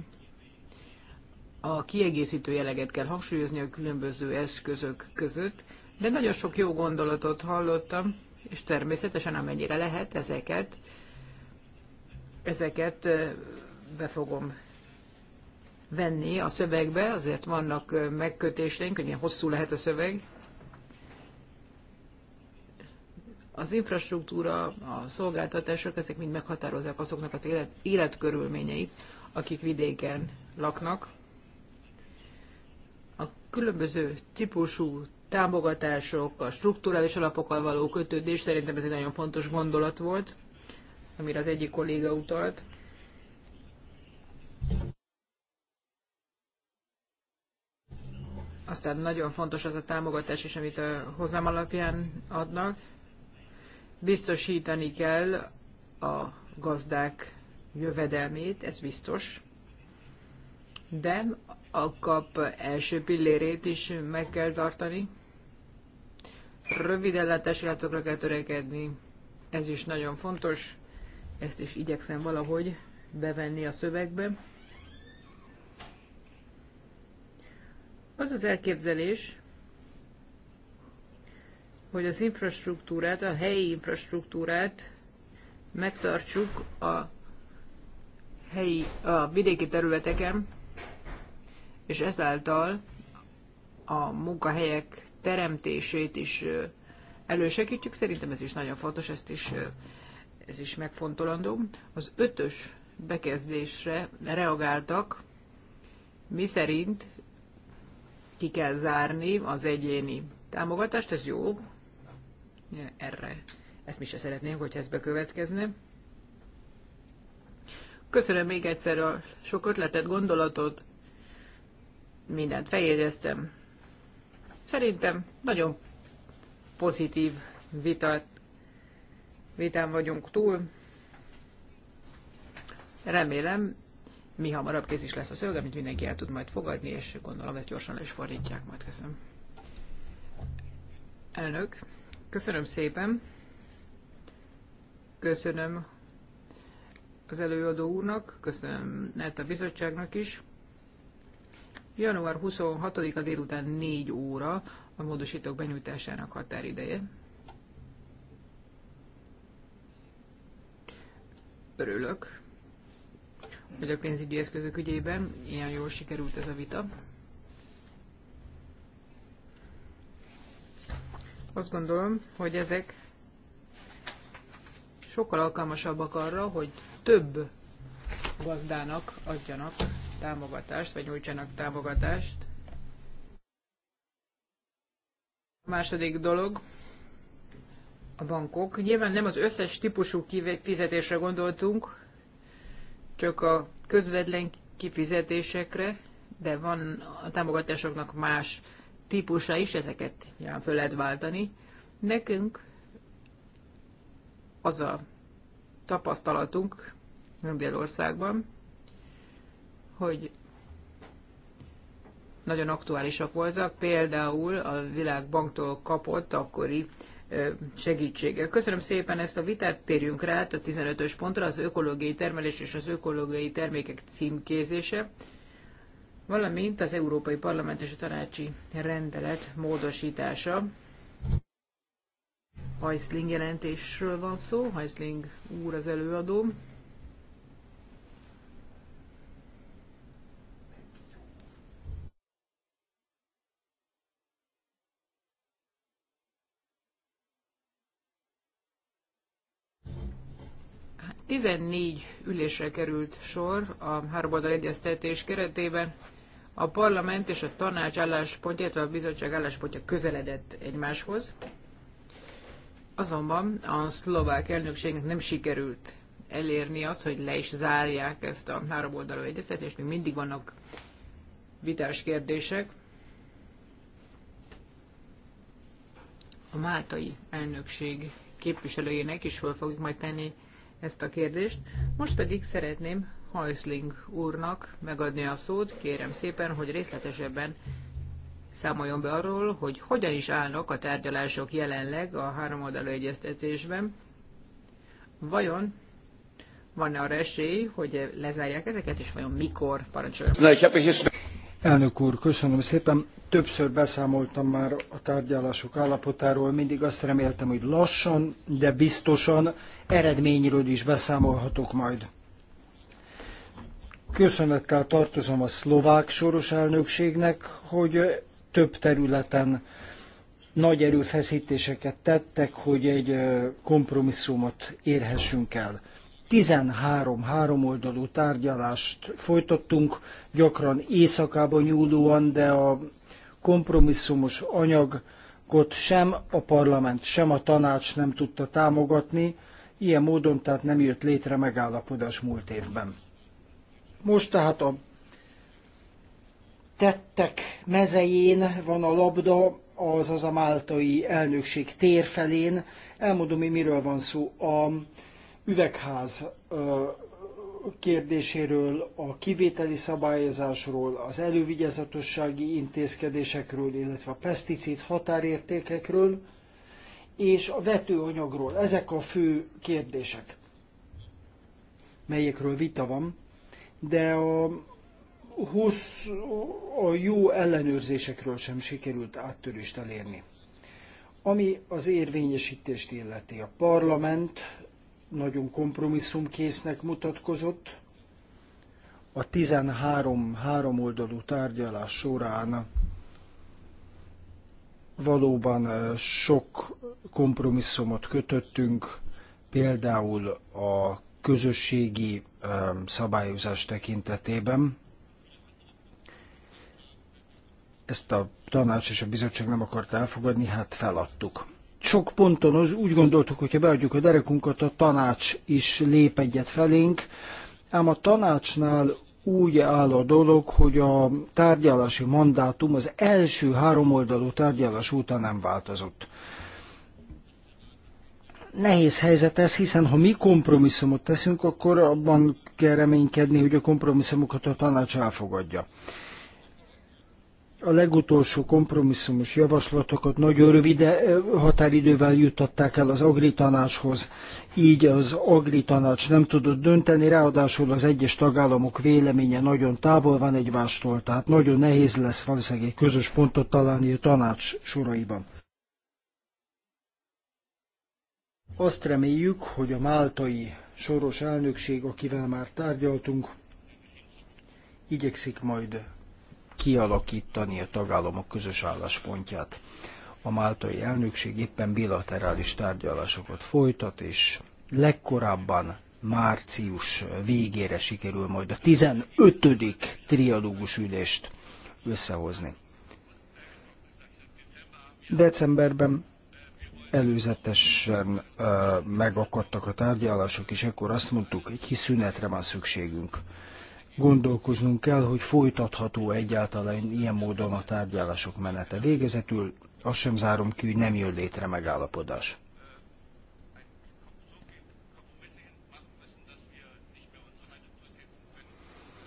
a kiegészítő jeleget kell hangsúlyozni a különböző eszközök között, de nagyon sok jó gondolatot hallottam, és természetesen amennyire lehet ezeket, ezeket be fogom venni a szövegbe, azért vannak megkötéseink, hogy ilyen hosszú lehet a szöveg. Az infrastruktúra, a szolgáltatások, ezek mind meghatározzák azoknak az élet, életkörülményeit, akik vidéken laknak. A különböző típusú támogatások, a struktúrális alapokkal való kötődés, szerintem ez egy nagyon fontos gondolat volt, amire az egyik kolléga utalt. Aztán nagyon fontos az a támogatás is, amit a hozzám alapján adnak. Biztosítani kell a gazdák jövedelmét, ez biztos. De a kap első pillérét is meg kell tartani rövid ellátási látokra kell törekedni, ez is nagyon fontos, ezt is igyekszem valahogy bevenni a szövegbe. Az az elképzelés, hogy az infrastruktúrát, a helyi infrastruktúrát megtartsuk a helyi, a vidéki területeken, és ezáltal a munkahelyek teremtését is elősegítjük. Szerintem ez is nagyon fontos, ezt is, ez is megfontolandó. Az ötös bekezdésre reagáltak, mi szerint ki kell zárni az egyéni támogatást, ez jó, erre. Ezt mi se szeretnénk, hogy ez bekövetkezne. Köszönöm még egyszer a sok ötletet, gondolatot, mindent feljegyeztem. Szerintem nagyon pozitív vitát, vitán vagyunk túl. Remélem, mi hamarabb kéz is lesz a szöveg, amit mindenki el tud majd fogadni, és gondolom ezt gyorsan is fordítják, majd köszönöm. Elnök, köszönöm szépen. Köszönöm az előadó úrnak, köszönöm a bizottságnak is. Január 26-a délután 4 óra a módosítók benyújtásának határideje. Örülök, hogy a pénzügyi eszközök ügyében ilyen jól sikerült ez a vita. Azt gondolom, hogy ezek sokkal alkalmasabbak arra, hogy több gazdának adjanak támogatást, vagy nyújtsanak támogatást. A második dolog, a bankok. Nyilván nem az összes típusú kifizetésre gondoltunk, csak a közvetlen kifizetésekre, de van a támogatásoknak más típusa is, ezeket nyilván föl lehet váltani. Nekünk az a tapasztalatunk Lengyelországban, hogy nagyon aktuálisak voltak, például a Világbanktól kapott akkori segítsége. Köszönöm szépen ezt a vitát, térjünk rá a 15-ös pontra, az ökológiai termelés és az ökológiai termékek címkézése, valamint az Európai Parlament és a Tanácsi Rendelet módosítása. Heisling jelentésről van szó, Heisling úr az előadó. 14 ülésre került sor a háromoldal egyeztetés keretében. A parlament és a tanács álláspontja, illetve a bizottság álláspontja közeledett egymáshoz. Azonban a szlovák elnökségnek nem sikerült elérni azt, hogy le is zárják ezt a háromoldalú egyeztetést. Még mindig vannak vitás kérdések. A máltai elnökség képviselőjének is fel fogjuk majd tenni ezt a kérdést. Most pedig szeretném Hajszling úrnak megadni a szót. Kérem szépen, hogy részletesebben számoljon be arról, hogy hogyan is állnak a tárgyalások jelenleg a három oldalú egyeztetésben. Vajon van-e arra esély, hogy lezárják ezeket, és vajon mikor parancsoljon? Elnök úr, köszönöm szépen. Többször beszámoltam már a tárgyalások állapotáról, mindig azt reméltem, hogy lassan, de biztosan eredményről is beszámolhatok majd. Köszönettel tartozom a szlovák soros elnökségnek, hogy több területen nagy erőfeszítéseket tettek, hogy egy kompromisszumot érhessünk el. 13 háromoldalú tárgyalást folytattunk, gyakran éjszakába nyúlóan, de a kompromisszumos anyagot sem a parlament, sem a tanács nem tudta támogatni, ilyen módon tehát nem jött létre megállapodás múlt évben. Most tehát a tettek mezején van a labda, azaz a máltai elnökség tér felén. Elmondom, hogy miről van szó. A üvegház kérdéséről, a kivételi szabályozásról, az elővigyázatossági intézkedésekről, illetve a peszticid határértékekről, és a vetőanyagról. Ezek a fő kérdések, melyekről vita van, de a, hossz, a jó ellenőrzésekről sem sikerült áttörést elérni. Ami az érvényesítést illeti, a parlament nagyon kompromisszumkésznek mutatkozott. A 13 háromoldalú tárgyalás során valóban sok kompromisszumot kötöttünk, például a közösségi szabályozás tekintetében. Ezt a tanács és a bizottság nem akart elfogadni, hát feladtuk sok ponton az úgy gondoltuk, hogyha beadjuk a derekunkat, a tanács is lép egyet felénk, ám a tanácsnál úgy áll a dolog, hogy a tárgyalási mandátum az első három oldalú tárgyalás óta nem változott. Nehéz helyzet ez, hiszen ha mi kompromisszumot teszünk, akkor abban kell reménykedni, hogy a kompromisszumokat a tanács elfogadja a legutolsó kompromisszumos javaslatokat nagyon rövid határidővel juttatták el az Agri tanácshoz, így az Agri tanács nem tudott dönteni, ráadásul az egyes tagállamok véleménye nagyon távol van egymástól, tehát nagyon nehéz lesz valószínűleg egy közös pontot találni a tanács soraiban. Azt reméljük, hogy a máltai soros elnökség, akivel már tárgyaltunk, igyekszik majd kialakítani a tagállamok közös álláspontját. A máltai elnökség éppen bilaterális tárgyalásokat folytat, és legkorábban március végére sikerül majd a 15. triadógus ülést összehozni. Decemberben előzetesen uh, megakadtak a tárgyalások, és ekkor azt mondtuk, egy kis szünetre van szükségünk gondolkoznunk kell, hogy folytatható egyáltalán ilyen módon a tárgyalások menete. Végezetül azt sem zárom ki, hogy nem jön létre megállapodás.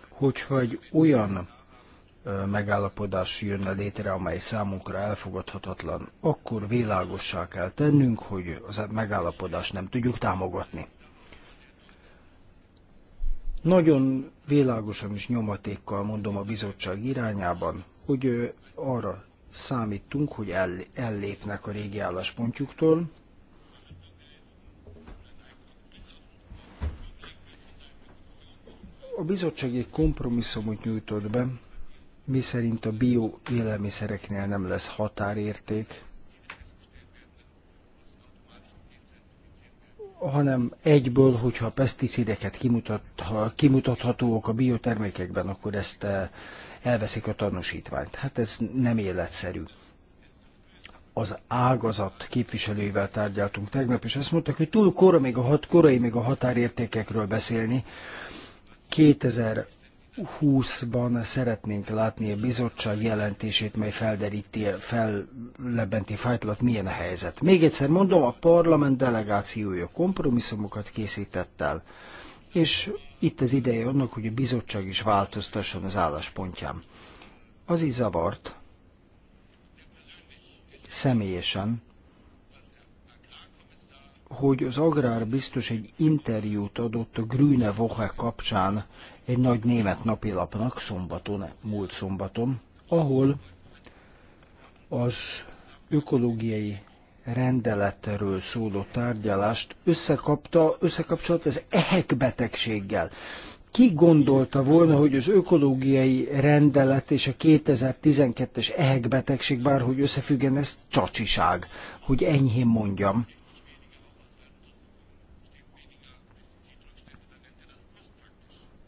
Hogyha egy olyan megállapodás jönne létre, amely számunkra elfogadhatatlan, akkor világossá kell tennünk, hogy az megállapodást nem tudjuk támogatni. Nagyon világosan és nyomatékkal mondom a bizottság irányában, hogy arra számítunk, hogy el, ellépnek a régi álláspontjuktól. A bizottság egy kompromisszumot nyújtott be, miszerint a bioélelmiszereknél nem lesz határérték, hanem egyből, hogyha a peszticideket kimutat, ha kimutathatóak a biotermékekben, akkor ezt eh, elveszik a tanúsítványt. Hát ez nem életszerű. Az ágazat képviselőivel tárgyaltunk tegnap, és azt mondtak, hogy túl korai még a hat, korai még a határértékekről beszélni. 2000 20-ban szeretnénk látni a bizottság jelentését, mely felderíti, fellebenti fájtlat, milyen a helyzet. Még egyszer mondom, a parlament delegációja kompromisszumokat készített el, és itt az ideje annak, hogy a bizottság is változtasson az álláspontján. Az is zavart, személyesen, hogy az agrár biztos egy interjút adott a Grüne Woche kapcsán egy nagy német napilapnak szombaton, múlt szombaton, ahol az ökológiai rendeletről szóló tárgyalást összekapta, összekapcsolt az ehek betegséggel. Ki gondolta volna, hogy az ökológiai rendelet és a 2012-es ehek betegség bárhogy összefüggen, ez csacsiság, hogy enyhén mondjam.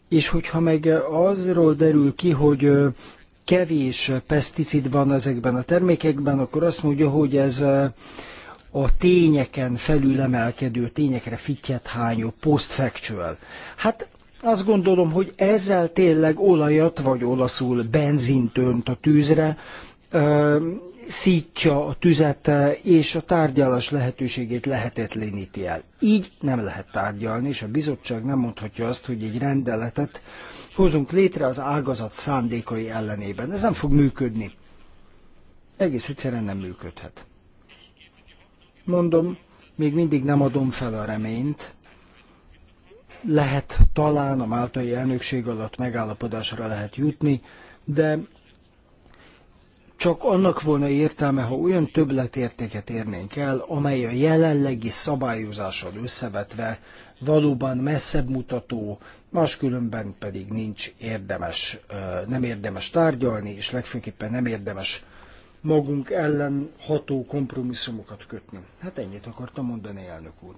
És hogyha meg azról derül ki, hogy kevés peszticid van ezekben a termékekben, akkor azt mondja, hogy ez a tényeken felülemelkedő, tényekre fittyet hányó, post-factual. Hát azt gondolom, hogy ezzel tényleg olajat, vagy olaszul benzint önt a tűzre, szítja a tüzet, eh, és a tárgyalás lehetőségét lehetetleníti el. Így nem lehet tárgyalni, és a bizottság nem mondhatja azt, hogy egy rendeletet hozunk létre az ágazat szándékai ellenében. Ez nem fog működni. Egész egyszerűen nem működhet. Mondom, még mindig nem adom fel a reményt. Lehet talán a máltai elnökség alatt megállapodásra lehet jutni, de csak annak volna értelme, ha olyan többletértéket érnénk el, amely a jelenlegi szabályozással összevetve valóban messzebb mutató, máskülönben pedig nincs érdemes, nem érdemes tárgyalni, és legfőképpen nem érdemes magunk ellen ható kompromisszumokat kötni. Hát ennyit akartam mondani, elnök úr.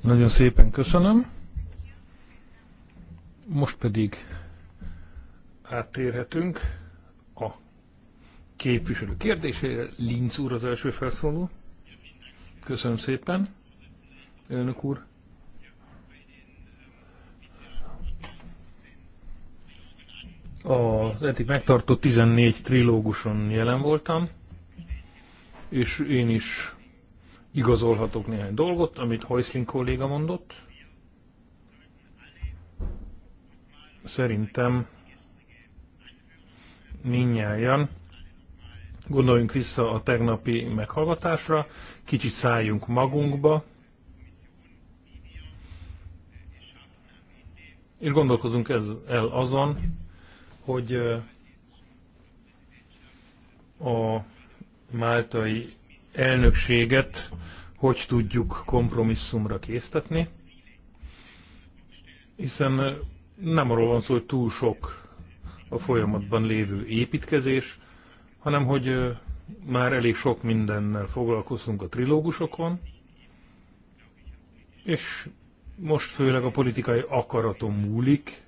Nagyon szépen köszönöm. Most pedig áttérhetünk a képviselő kérdésére. Linz úr az első felszóló. Köszönöm szépen. Elnök úr. Az eddig megtartott 14 trilóguson jelen voltam, és én is igazolhatok néhány dolgot, amit Hojszlin kolléga mondott. Szerintem minnyáján gondoljunk vissza a tegnapi meghallgatásra, kicsit szálljunk magunkba, és gondolkozunk ez, el azon, hogy a máltai elnökséget hogy tudjuk kompromisszumra késztetni, hiszen nem arról van szó, hogy túl sok a folyamatban lévő építkezés, hanem hogy már elég sok mindennel foglalkozunk a trilógusokon, és most főleg a politikai akaraton múlik,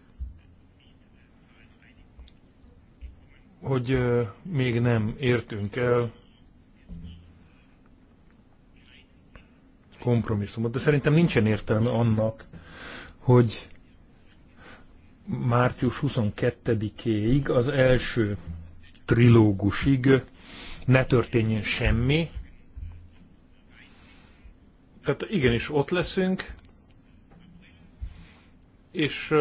hogy még nem értünk el kompromisszumot, de szerintem nincsen értelme annak, hogy március 22-éig az első trilógusig ne történjen semmi. Tehát igenis ott leszünk, és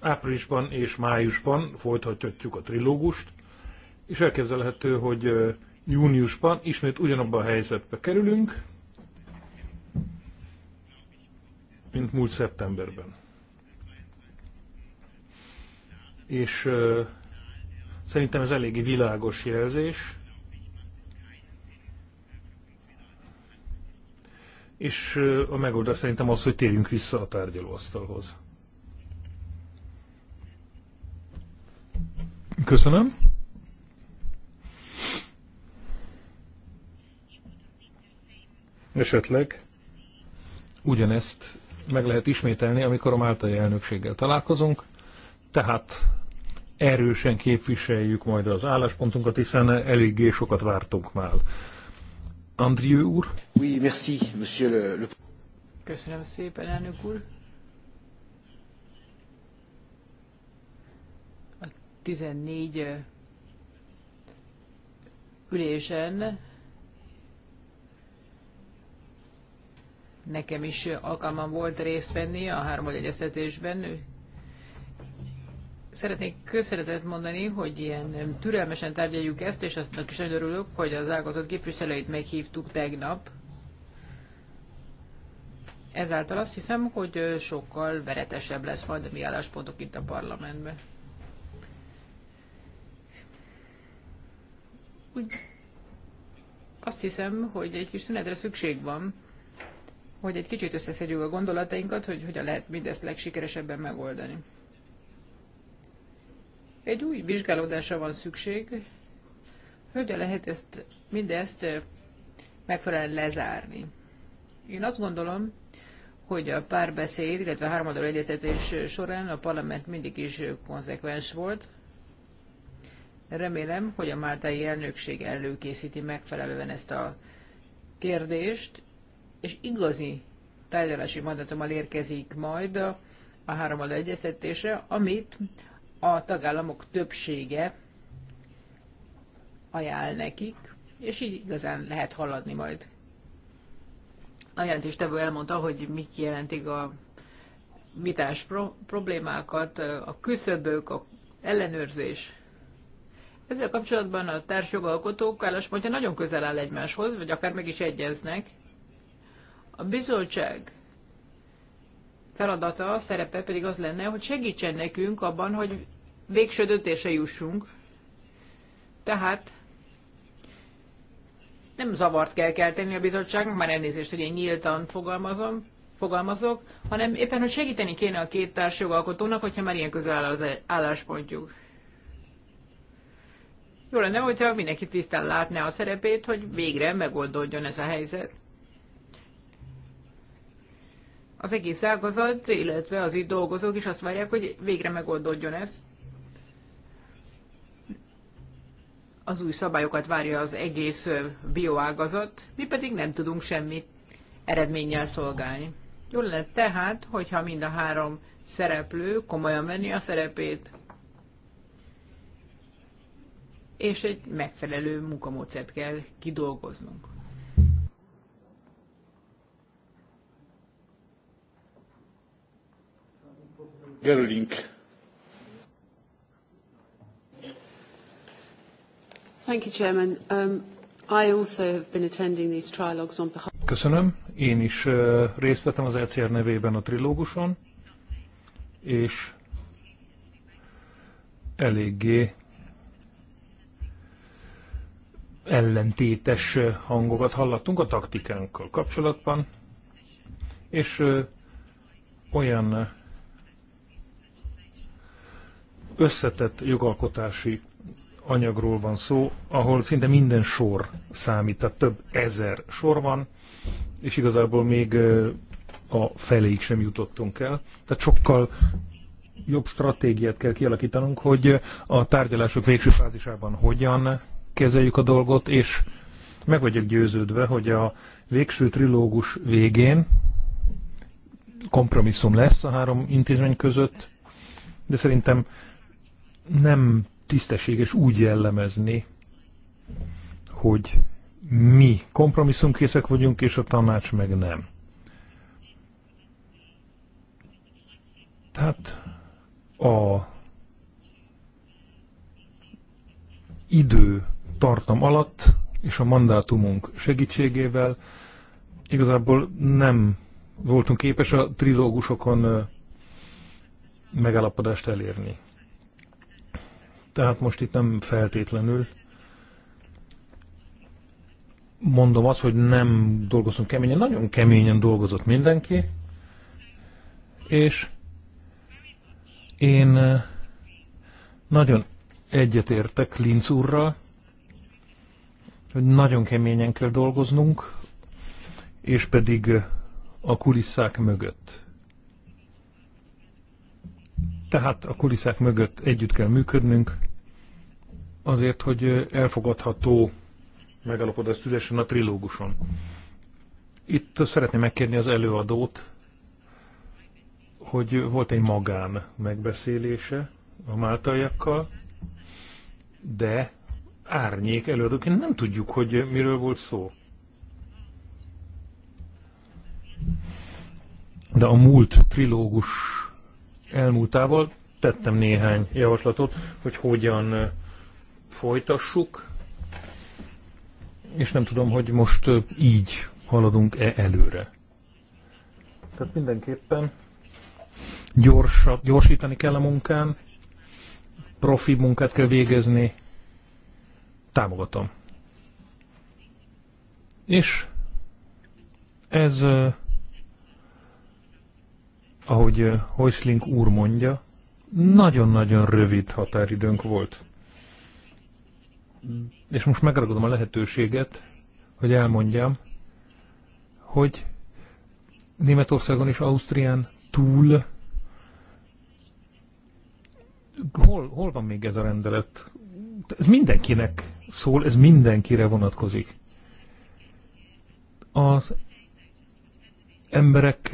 áprilisban és májusban folytatjuk a trilógust, és elképzelhető, hogy júniusban ismét ugyanabba a helyzetbe kerülünk, mint múlt szeptemberben. És uh, szerintem ez eléggé világos jelzés. És uh, a megoldás szerintem az, hogy térjünk vissza a tárgyalóasztalhoz. Köszönöm. Esetleg ugyanezt meg lehet ismételni, amikor a máltai elnökséggel találkozunk. Tehát erősen képviseljük majd az álláspontunkat, hiszen eléggé sokat vártunk már. Andrieu úr? Oui, merci, monsieur le... le... Köszönöm szépen, elnök úr. A 14 ülésen Nekem is alkalmam volt részt venni a három egyeztetésben. Szeretnék köszönetet mondani, hogy ilyen türelmesen tárgyaljuk ezt, és aztnak is nagyon örülök, hogy az ágazat képviselőit meghívtuk tegnap. Ezáltal azt hiszem, hogy sokkal veretesebb lesz majd a mi álláspontok itt a parlamentben. Úgy azt hiszem, hogy egy kis tünetre szükség van, hogy egy kicsit összeszedjük a gondolatainkat, hogy hogyan lehet mindezt legsikeresebben megoldani. Egy új vizsgálódásra van szükség, hogyan lehet ezt, mindezt megfelelően lezárni. Én azt gondolom, hogy a párbeszéd, illetve a háromadó egyeztetés során a parlament mindig is konzekvens volt. Remélem, hogy a máltai elnökség előkészíti megfelelően ezt a kérdést, és igazi tárgyalási mandatommal érkezik majd a három egyeztetésre, amit a tagállamok többsége ajánl nekik, és így igazán lehet haladni majd. A jelentéstevő elmondta, hogy mik jelentik a vitás pro- problémákat, a küszöbök, a ellenőrzés. Ezzel kapcsolatban a társjogalkotók álláspontja nagyon közel áll egymáshoz, vagy akár meg is egyeznek. A bizottság feladata, szerepe pedig az lenne, hogy segítsen nekünk abban, hogy végső döntése jussunk. Tehát nem zavart kell kelteni a bizottságnak, már elnézést, hogy én nyíltan fogalmazom, fogalmazok, hanem éppen, hogy segíteni kéne a két társjogalkotónak, hogyha már ilyen közel áll az álláspontjuk. Jó lenne, hogyha mindenki tisztán látná a szerepét, hogy végre megoldódjon ez a helyzet az egész ágazat, illetve az itt dolgozók is azt várják, hogy végre megoldódjon ez. Az új szabályokat várja az egész bioágazat, mi pedig nem tudunk semmit eredménnyel szolgálni. Jól lett tehát, hogyha mind a három szereplő komolyan venni a szerepét, és egy megfelelő munkamódszert kell kidolgoznunk. Thank you, Chairman. Um, I also have been attending these trilogues on behalf... Köszönöm. Én is uh, részt vettem az ECR nevében a trilóguson, és eléggé ellentétes uh, hangokat hallottunk a taktikánkkal kapcsolatban, és uh, olyan uh, összetett jogalkotási anyagról van szó, ahol szinte minden sor számít, tehát több ezer sor van, és igazából még a feléig sem jutottunk el. Tehát sokkal jobb stratégiát kell kialakítanunk, hogy a tárgyalások végső fázisában hogyan kezeljük a dolgot, és meg vagyok győződve, hogy a végső trilógus végén kompromisszum lesz a három intézmény között, de szerintem nem tisztességes úgy jellemezni, hogy mi kompromisszumkészek vagyunk, és a tanács meg nem. Tehát a idő tartam alatt és a mandátumunk segítségével igazából nem voltunk képes a trilógusokon megállapodást elérni. Tehát most itt nem feltétlenül mondom azt, hogy nem dolgozunk keményen, nagyon keményen dolgozott mindenki, és én eh, nagyon egyetértek Linz úrral, hogy nagyon keményen kell dolgoznunk, és pedig eh, a kulisszák mögött. Tehát a kulisszák mögött együtt kell működnünk, azért, hogy elfogadható megalapodás szülessen a trilóguson. Itt szeretném megkérni az előadót, hogy volt egy magán megbeszélése a máltaiakkal, de árnyék előadóként nem tudjuk, hogy miről volt szó. De a múlt trilógus elmúltával tettem néhány javaslatot, hogy hogyan folytassuk, és nem tudom, hogy most így haladunk-e előre. Tehát mindenképpen gyorsa, gyorsítani kell a munkán, profi munkát kell végezni, támogatom. És ez ahogy Heuslink úr mondja, nagyon-nagyon rövid határidőnk volt. És most megragadom a lehetőséget, hogy elmondjam, hogy Németországon és Ausztrián túl hol, hol van még ez a rendelet? Ez mindenkinek szól, ez mindenkire vonatkozik. Az emberek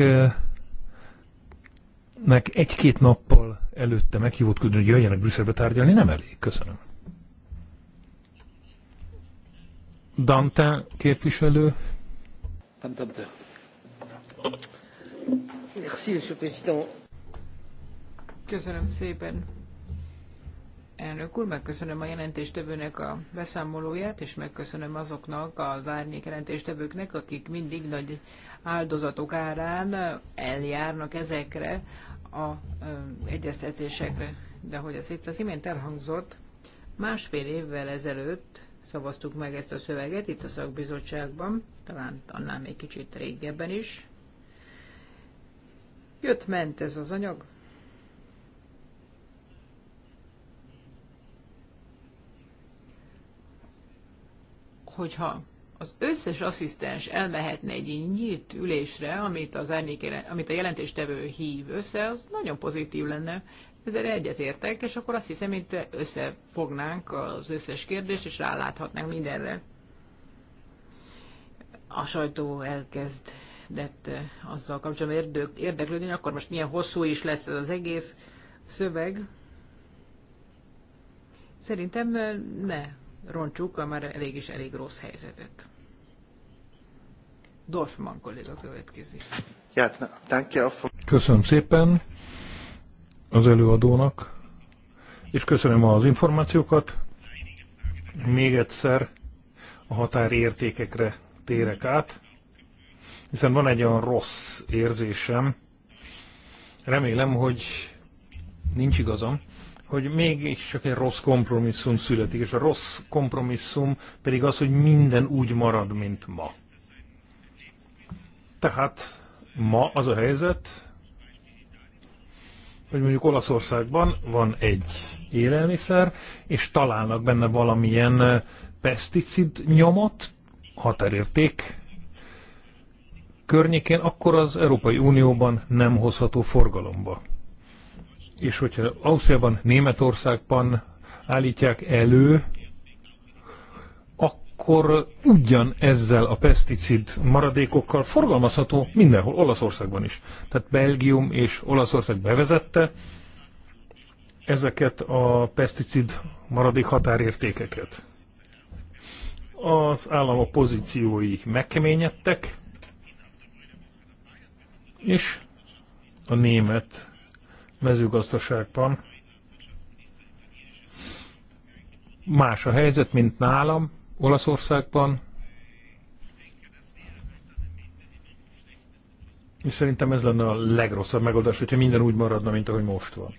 meg egy-két nappal előtte meghívott küldön, hogy jöjjenek Brüsszelbe tárgyalni, nem elég. Köszönöm. Dante képviselő. Dante. Merci, Monsieur Président. Köszönöm szépen, Elnök úr, megköszönöm a jelentéstevőnek a beszámolóját, és megköszönöm azoknak az árnyék jelentéstevőknek, akik mindig nagy áldozatok árán eljárnak ezekre a egyeztetésekre. De hogy ez itt az imént elhangzott, másfél évvel ezelőtt szavaztuk meg ezt a szöveget itt a szakbizottságban, talán annál még kicsit régebben is. Jött-ment ez az anyag, hogyha az összes asszisztens elmehetne egy nyílt ülésre, amit, az árnyék, amit a jelentéstevő hív össze, az nagyon pozitív lenne. Ezzel egyetértek, és akkor azt hiszem, hogy összefognánk az összes kérdést, és ráláthatnánk mindenre. A sajtó elkezdett eh, azzal kapcsolatban érdeklődni, akkor most milyen hosszú is lesz ez az egész szöveg. Szerintem eh, ne roncsuk a már elég is elég rossz helyzetet. Dorfman kolléga következik. Köszönöm szépen az előadónak, és köszönöm az információkat. Még egyszer a határértékekre térek át, hiszen van egy olyan rossz érzésem. Remélem, hogy nincs igazam, hogy mégis csak egy rossz kompromisszum születik, és a rossz kompromisszum pedig az, hogy minden úgy marad, mint ma. Tehát ma az a helyzet, hogy mondjuk Olaszországban van egy élelmiszer, és találnak benne valamilyen peszticid nyomot, határérték környékén, akkor az Európai Unióban nem hozható forgalomba. És hogyha Ausztriában, Németországban állítják elő, akkor ugyan ezzel a peszticid maradékokkal forgalmazható mindenhol, Olaszországban is. Tehát Belgium és Olaszország bevezette ezeket a peszticid maradék határértékeket. Az államok pozíciói megkeményedtek, és a német mezőgazdaságban más a helyzet, mint nálam, Olaszországban. És szerintem ez lenne a legrosszabb megoldás, hogyha minden úgy maradna, mint ahogy most van.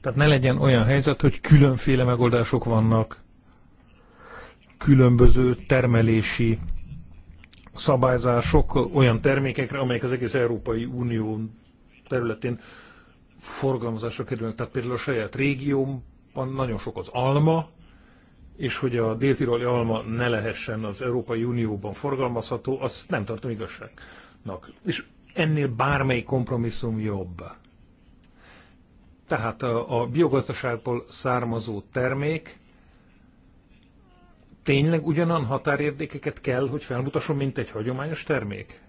Tehát ne legyen olyan helyzet, hogy különféle megoldások vannak, különböző termelési szabályzások olyan termékekre, amelyek az egész Európai Unió területén forgalmazásra kerülnek. Tehát például a saját régiómban nagyon sok az alma, és hogy a déltiroli alma ne lehessen az Európai Unióban forgalmazható, azt nem tartom igazságnak. És ennél bármely kompromisszum jobb. Tehát a, a biogazdaságból származó termék tényleg ugyanan határértékeket kell, hogy felmutasson, mint egy hagyományos termék?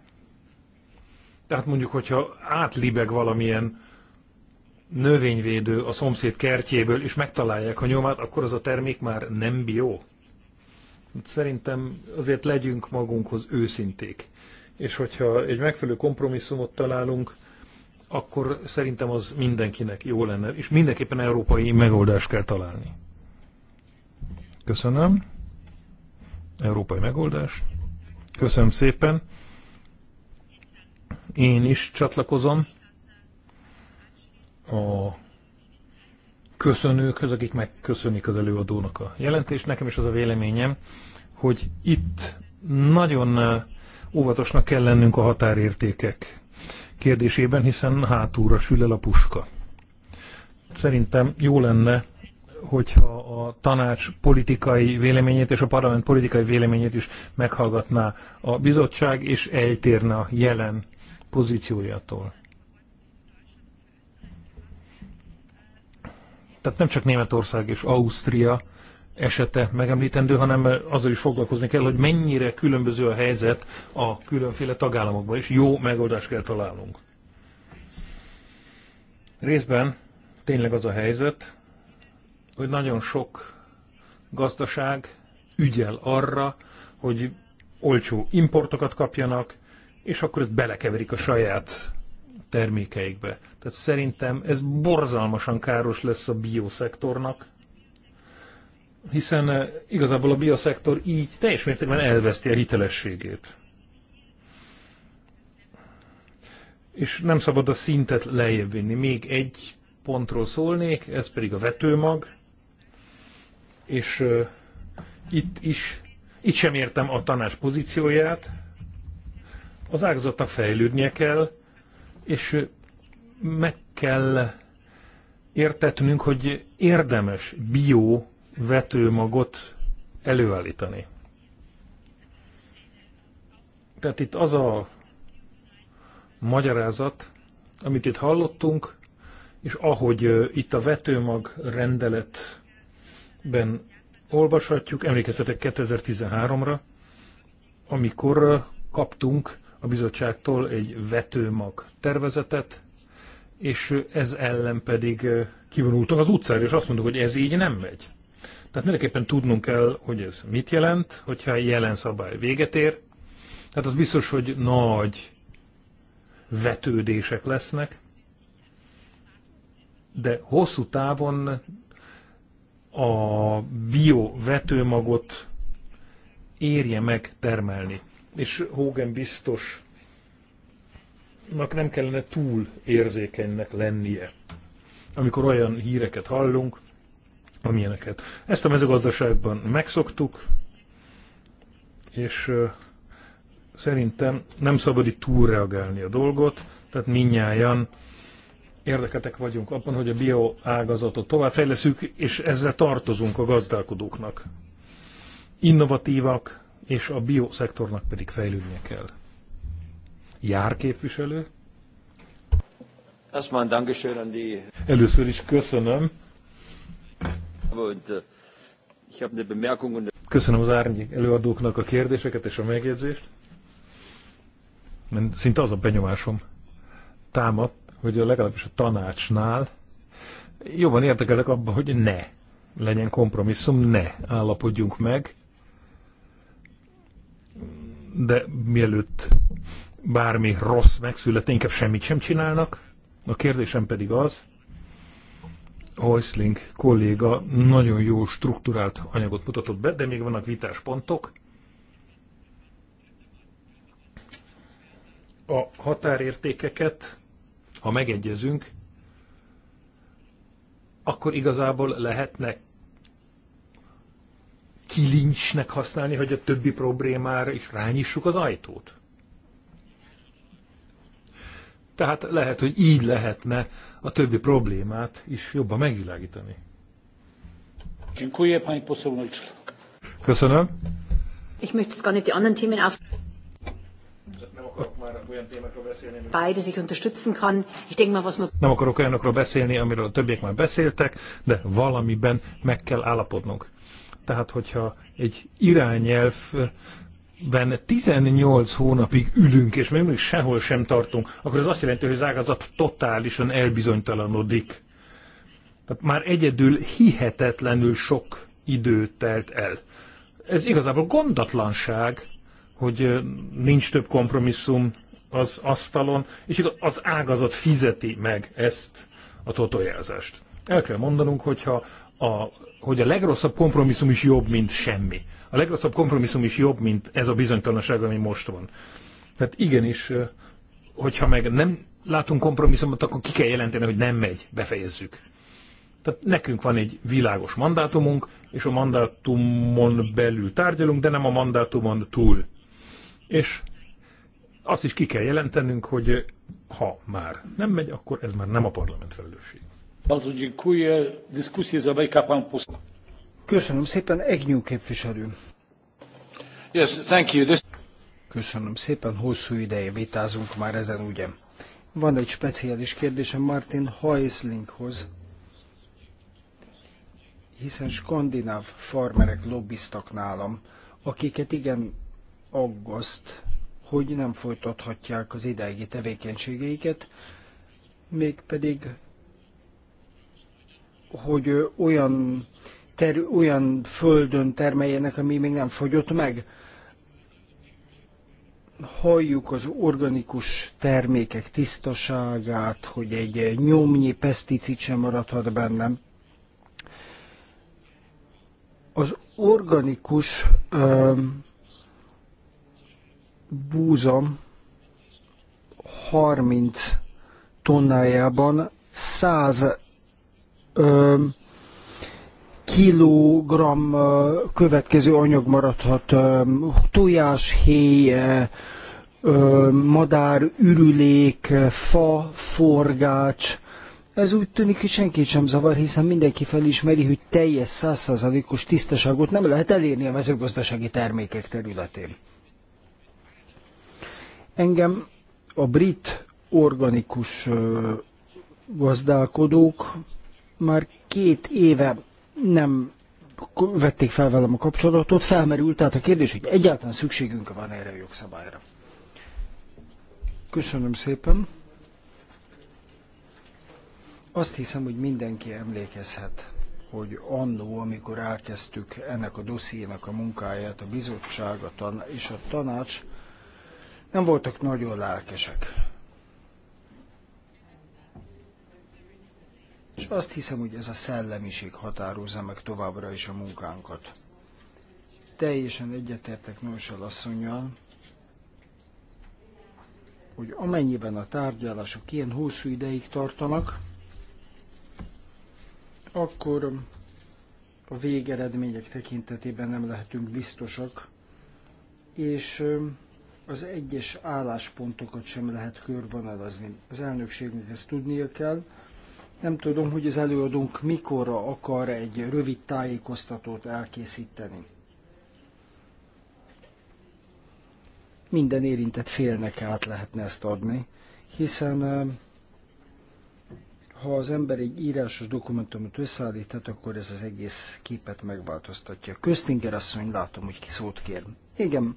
Tehát mondjuk, hogyha átlibeg valamilyen növényvédő a szomszéd kertjéből, és megtalálják a nyomát, akkor az a termék már nem bio. Szerintem azért legyünk magunkhoz őszinték. És hogyha egy megfelelő kompromisszumot találunk, akkor szerintem az mindenkinek jó lenne, és mindenképpen európai megoldást kell találni. Köszönöm. Európai megoldás. Köszönöm szépen. Én is csatlakozom a köszönőkhöz, akik megköszönik az előadónak a jelentést. Nekem is az a véleményem, hogy itt nagyon óvatosnak kell lennünk a határértékek kérdésében, hiszen hátúra sül el a puska. Szerintem jó lenne, hogyha a tanács politikai véleményét és a parlament politikai véleményét is meghallgatná a bizottság, és eltérne a jelen pozíciójától. Tehát nem csak Németország és Ausztria esete megemlítendő, hanem azzal is foglalkozni kell, hogy mennyire különböző a helyzet a különféle tagállamokban, és jó megoldást kell találnunk. Részben tényleg az a helyzet, hogy nagyon sok gazdaság ügyel arra, hogy olcsó importokat kapjanak, és akkor ezt belekeverik a saját termékeikbe. Tehát szerintem ez borzalmasan káros lesz a bioszektornak, hiszen eh, igazából a bioszektor így teljes mértékben elveszti a hitelességét. És nem szabad a szintet lejjebb vinni. Még egy pontról szólnék, ez pedig a vetőmag, és uh, itt is, itt sem értem a tanás pozícióját. Az ágazata fejlődnie kell, és meg kell értetnünk, hogy érdemes bió vetőmagot előállítani. Tehát itt az a magyarázat, amit itt hallottunk, és ahogy itt a vetőmag rendeletben olvashatjuk, emlékeztetek 2013-ra, amikor kaptunk a bizottságtól egy vetőmag tervezetet, és ez ellen pedig kivonultunk. az utcára, és azt mondtuk, hogy ez így nem megy. Tehát mindenképpen tudnunk kell, hogy ez mit jelent, hogyha jelen szabály véget ér. Tehát az biztos, hogy nagy vetődések lesznek, de hosszú távon a biovetőmagot érje meg termelni és Hogan biztosnak nem kellene túl érzékenynek lennie, amikor olyan híreket hallunk, amilyeneket. Ezt a mezőgazdaságban megszoktuk, és szerintem nem szabad itt túlreagálni a dolgot, tehát minnyáján érdeketek vagyunk abban, hogy a bioágazatot továbbfejleszünk, és ezzel tartozunk a gazdálkodóknak. Innovatívak, és a bioszektornak pedig fejlődnie kell. Jár képviselő? Először is köszönöm. Eh, köszönöm az Árnyi. előadóknak a kérdéseket és a megjegyzést. Szinte az a benyomásom támad, hogy legalábbis a tanácsnál jobban értekelek abban, hogy ne legyen kompromisszum, ne állapodjunk meg, de mielőtt bármi rossz megszület, inkább semmit sem csinálnak. A kérdésem pedig az, Heusling kolléga nagyon jó struktúrált anyagot mutatott be, de még vannak vitáspontok. A határértékeket, ha megegyezünk, akkor igazából lehetnek kilincsnek használni, hogy a többi problémára is rányissuk az ajtót? Tehát lehet, hogy így lehetne a többi problémát is jobban megvilágítani. Köszönöm. Ich möchte jetzt gar nicht die anderen Themen auf. Beide sich unterstützen kann. Ich denke mal, was man... Nem akarok olyanokról beszélni, amiről a többiek már beszéltek, de valamiben meg kell állapodnunk. Tehát, hogyha egy irányelvben 18 hónapig ülünk, és még mindig sehol sem tartunk, akkor ez azt jelenti, hogy az ágazat totálisan elbizonytalanodik. Tehát már egyedül hihetetlenül sok idő telt el. Ez igazából gondatlanság, hogy nincs több kompromisszum az asztalon, és az ágazat fizeti meg ezt a totojelzést. El kell mondanunk, hogyha a, hogy a legrosszabb kompromisszum is jobb, mint semmi. A legrosszabb kompromisszum is jobb, mint ez a bizonytalanság, ami most van. Tehát igenis, hogyha meg nem látunk kompromisszumot, akkor ki kell jelenteni, hogy nem megy, befejezzük. Tehát nekünk van egy világos mandátumunk, és a mandátumon belül tárgyalunk, de nem a mandátumon túl. És azt is ki kell jelentenünk, hogy ha már nem megy, akkor ez már nem a parlament felelősség. Köszönöm szépen, Egnyú képviselő. Yes, thank you. This... Köszönöm szépen, hosszú ideje vitázunk már ezen, ugye? Van egy speciális kérdésem Martin Heislinghoz, hiszen skandináv farmerek lobbiztak nálam, akiket igen aggaszt, hogy nem folytathatják az ideigi tevékenységeiket, mégpedig hogy olyan, ter, olyan földön termeljenek, ami még nem fogyott meg. Halljuk az organikus termékek tisztaságát, hogy egy nyomnyi peszticid sem maradhat bennem. Az organikus ö, búza 30 tonnájában 100 kilogram következő anyag maradhat, tojás, héj, madár, ürülék, fa, forgács. Ez úgy tűnik, hogy senkit sem zavar, hiszen mindenki felismeri, hogy teljes százszázalékos tisztaságot nem lehet elérni a mezőgazdasági termékek területén. Engem a brit organikus gazdálkodók már két éve nem vették fel velem a kapcsolatot, felmerült tehát a kérdés, hogy egyáltalán szükségünk van erre a jogszabályra. Köszönöm szépen. Azt hiszem, hogy mindenki emlékezhet, hogy annó, amikor elkezdtük ennek a dossziének a munkáját, a bizottság a tan és a tanács nem voltak nagyon lelkesek És azt hiszem, hogy ez a szellemiség határozza meg továbbra is a munkánkat. Teljesen egyetértek Nósel asszonyjal, hogy amennyiben a tárgyalások ilyen hosszú ideig tartanak, akkor a végeredmények tekintetében nem lehetünk biztosak, és az egyes álláspontokat sem lehet körvonalazni. Az elnökségnek ezt tudnia kell, nem tudom, hogy az előadónk mikorra akar egy rövid tájékoztatót elkészíteni. Minden érintett félnek át lehetne ezt adni, hiszen eh, ha az ember egy írásos dokumentumot összeállíthat, akkor ez az egész képet megváltoztatja. Köztinger asszony, látom, hogy ki szót kér. Igen,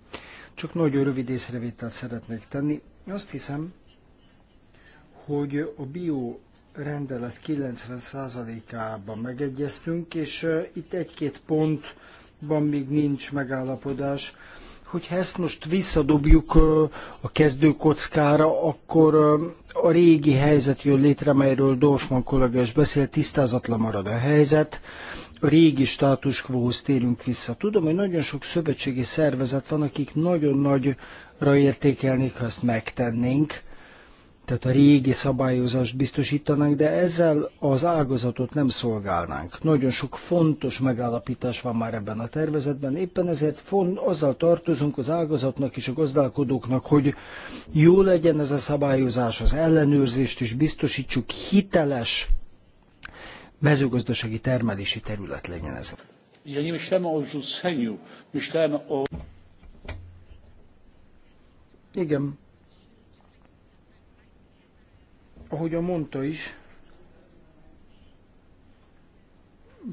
csak nagyon rövid észrevételt szeretnék tenni. Azt hiszem, hogy a bio rendelet 90%-ában megegyeztünk, és itt egy-két pontban még nincs megállapodás. Hogyha ezt most visszadobjuk a kezdőkockára, akkor a régi helyzet jön létre, melyről Dorfman kollega is beszél, tisztázatlan marad a helyzet, a régi státuskvóhoz térünk vissza. Tudom, hogy nagyon sok szövetségi szervezet van, akik nagyon nagyra értékelnék, ha ezt megtennénk, tehát a régi szabályozást biztosítanánk, de ezzel az ágazatot nem szolgálnánk. Nagyon sok fontos megállapítás van már ebben a tervezetben, éppen ezért font, azzal tartozunk az ágazatnak és a gazdálkodóknak, hogy jó legyen ez a szabályozás, az ellenőrzést is biztosítsuk, hiteles mezőgazdasági termelési terület legyen ez. Ja a myślałem o rzuceniu, Igen, Ahogyan mondta is,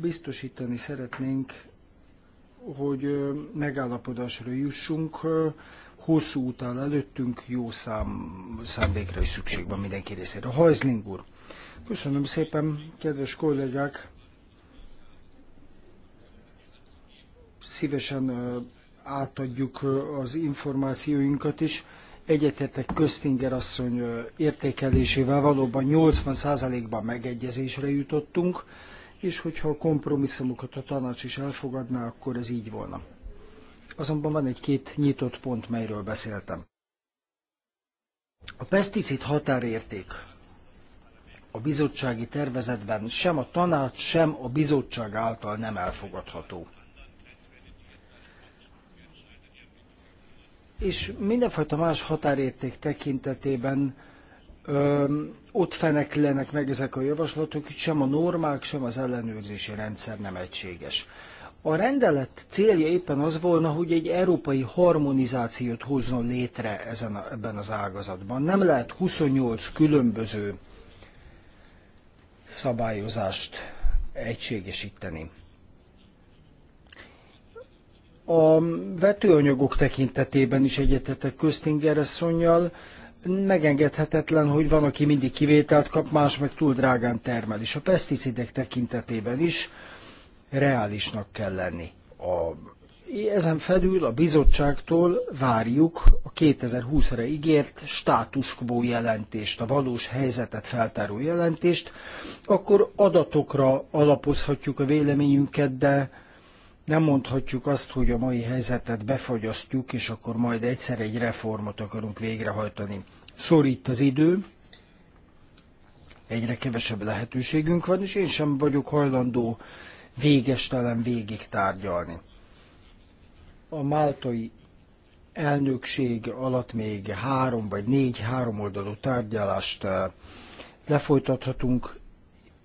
biztosítani szeretnénk, hogy megállapodásra jussunk, hosszú út előttünk, jó szám, szándékra is szükség van mindenki részére. Hajzling úr, köszönöm szépen, kedves kollégák! Szívesen átadjuk az információinkat is. Egyetértek Köztinger asszony értékelésével valóban 80%-ban megegyezésre jutottunk, és hogyha a kompromisszumokat a tanács is elfogadná, akkor ez így volna. Azonban van egy-két nyitott pont, melyről beszéltem. A peszticid határérték a bizottsági tervezetben sem a tanács, sem a bizottság által nem elfogadható. és mindenfajta más határérték tekintetében ö, ott feneklenek meg ezek a javaslatok, hogy sem a normák, sem az ellenőrzési rendszer nem egységes. A rendelet célja éppen az volna, hogy egy európai harmonizációt hozzon létre ezen a, ebben az ágazatban. Nem lehet 28 különböző szabályozást egységesíteni. A vetőanyagok tekintetében is egyetetek Köztinger asszonynal, megengedhetetlen, hogy van, aki mindig kivételt kap, más meg túl drágán termel, és a peszticidek tekintetében is reálisnak kell lenni. A, ezen felül a bizottságtól várjuk a 2020-ra ígért státuskvó jelentést, a valós helyzetet feltáró jelentést, akkor adatokra alapozhatjuk a véleményünket, de nem mondhatjuk azt, hogy a mai helyzetet befagyasztjuk, és akkor majd egyszer egy reformot akarunk végrehajtani. Szorít az idő, egyre kevesebb lehetőségünk van, és én sem vagyok hajlandó végestelen végig tárgyalni. A máltai elnökség alatt még három vagy négy háromoldalú tárgyalást eh, lefolytathatunk,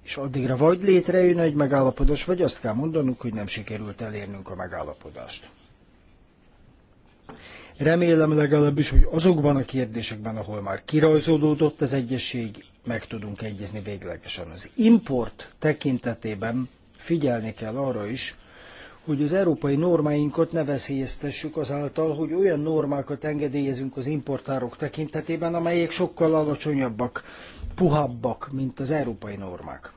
és addigra vagy létrejön egy megállapodás, vagy azt kell mondanunk, hogy nem sikerült elérnünk a megállapodást. Remélem legalábbis, hogy azokban a kérdésekben, ahol már kirajzolódott az egyesség, meg tudunk egyezni véglegesen. Az import tekintetében figyelni kell arra is, hogy az európai normáinkat ne veszélyeztessük azáltal, hogy olyan normákat engedélyezünk az importárok tekintetében, amelyek sokkal alacsonyabbak, puhabbak, mint az európai normák.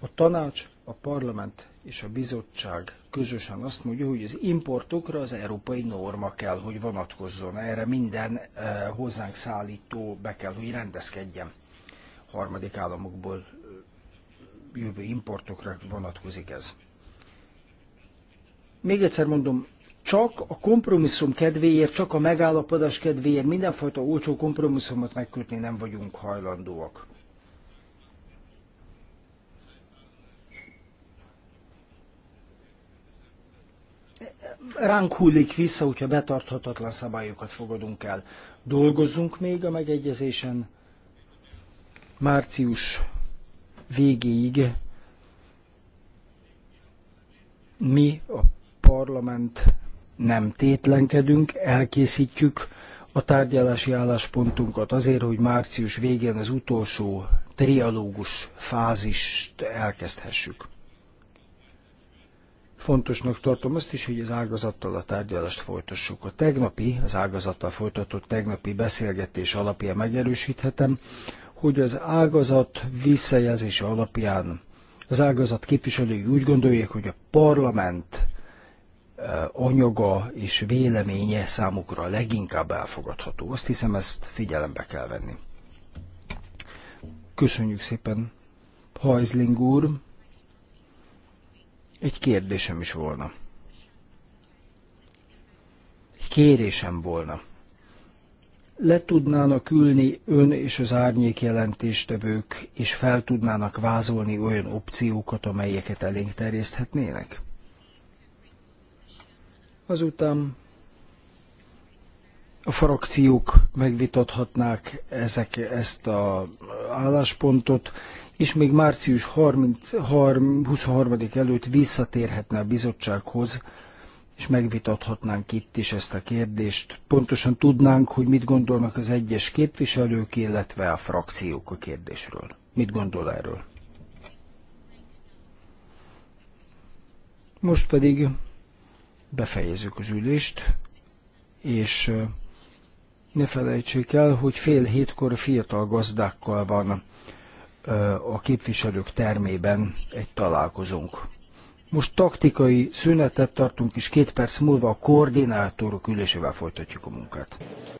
A tanács, a parlament és a bizottság közösen azt mondja, hogy az importokra az európai norma kell, hogy vonatkozzon. Erre minden eh, hozzánk szállító be kell, hogy rendezkedjen harmadik államokból jövő importokra vonatkozik ez. Még egyszer mondom, csak a kompromisszum kedvéért, csak a megállapodás kedvéért mindenfajta olcsó kompromisszumot megkötni nem vagyunk hajlandóak. Ránk hullik vissza, hogyha betarthatatlan szabályokat fogadunk el. Dolgozzunk még a megegyezésen. Március végéig mi a parlament nem tétlenkedünk, elkészítjük a tárgyalási álláspontunkat azért, hogy március végén az utolsó trialógus fázist elkezdhessük. Fontosnak tartom azt is, hogy az ágazattal a tárgyalást folytassuk. A tegnapi, az ágazattal folytatott tegnapi beszélgetés alapján megerősíthetem, hogy az ágazat visszajelzése alapján az ágazat képviselői úgy gondolják, hogy a parlament eh, anyaga és véleménye számukra a leginkább elfogadható. Azt hiszem, ezt figyelembe kell venni. Köszönjük szépen, Hajzling úr. Egy kérdésem is volna. Egy kérésem volna le tudnának ülni ön és az árnyék jelentéstevők, és fel tudnának vázolni olyan opciókat, amelyeket elénk terjeszthetnének? Azután a frakciók megvitathatnák ezek, ezt a álláspontot, és még március 30, 23, 23 előtt visszatérhetne a bizottsághoz, és megvitathatnánk itt is ezt a kérdést. Pontosan tudnánk, hogy mit gondolnak az egyes képviselők, illetve a frakciók a kérdésről. Mit gondol erről? Most pedig befejezzük az ülést, és ne felejtsék el, hogy fél hétkor fiatal gazdákkal van a képviselők termében egy találkozónk. Most taktikai szünetet tartunk, és két perc múlva a koordinátorok ülésével folytatjuk a munkát.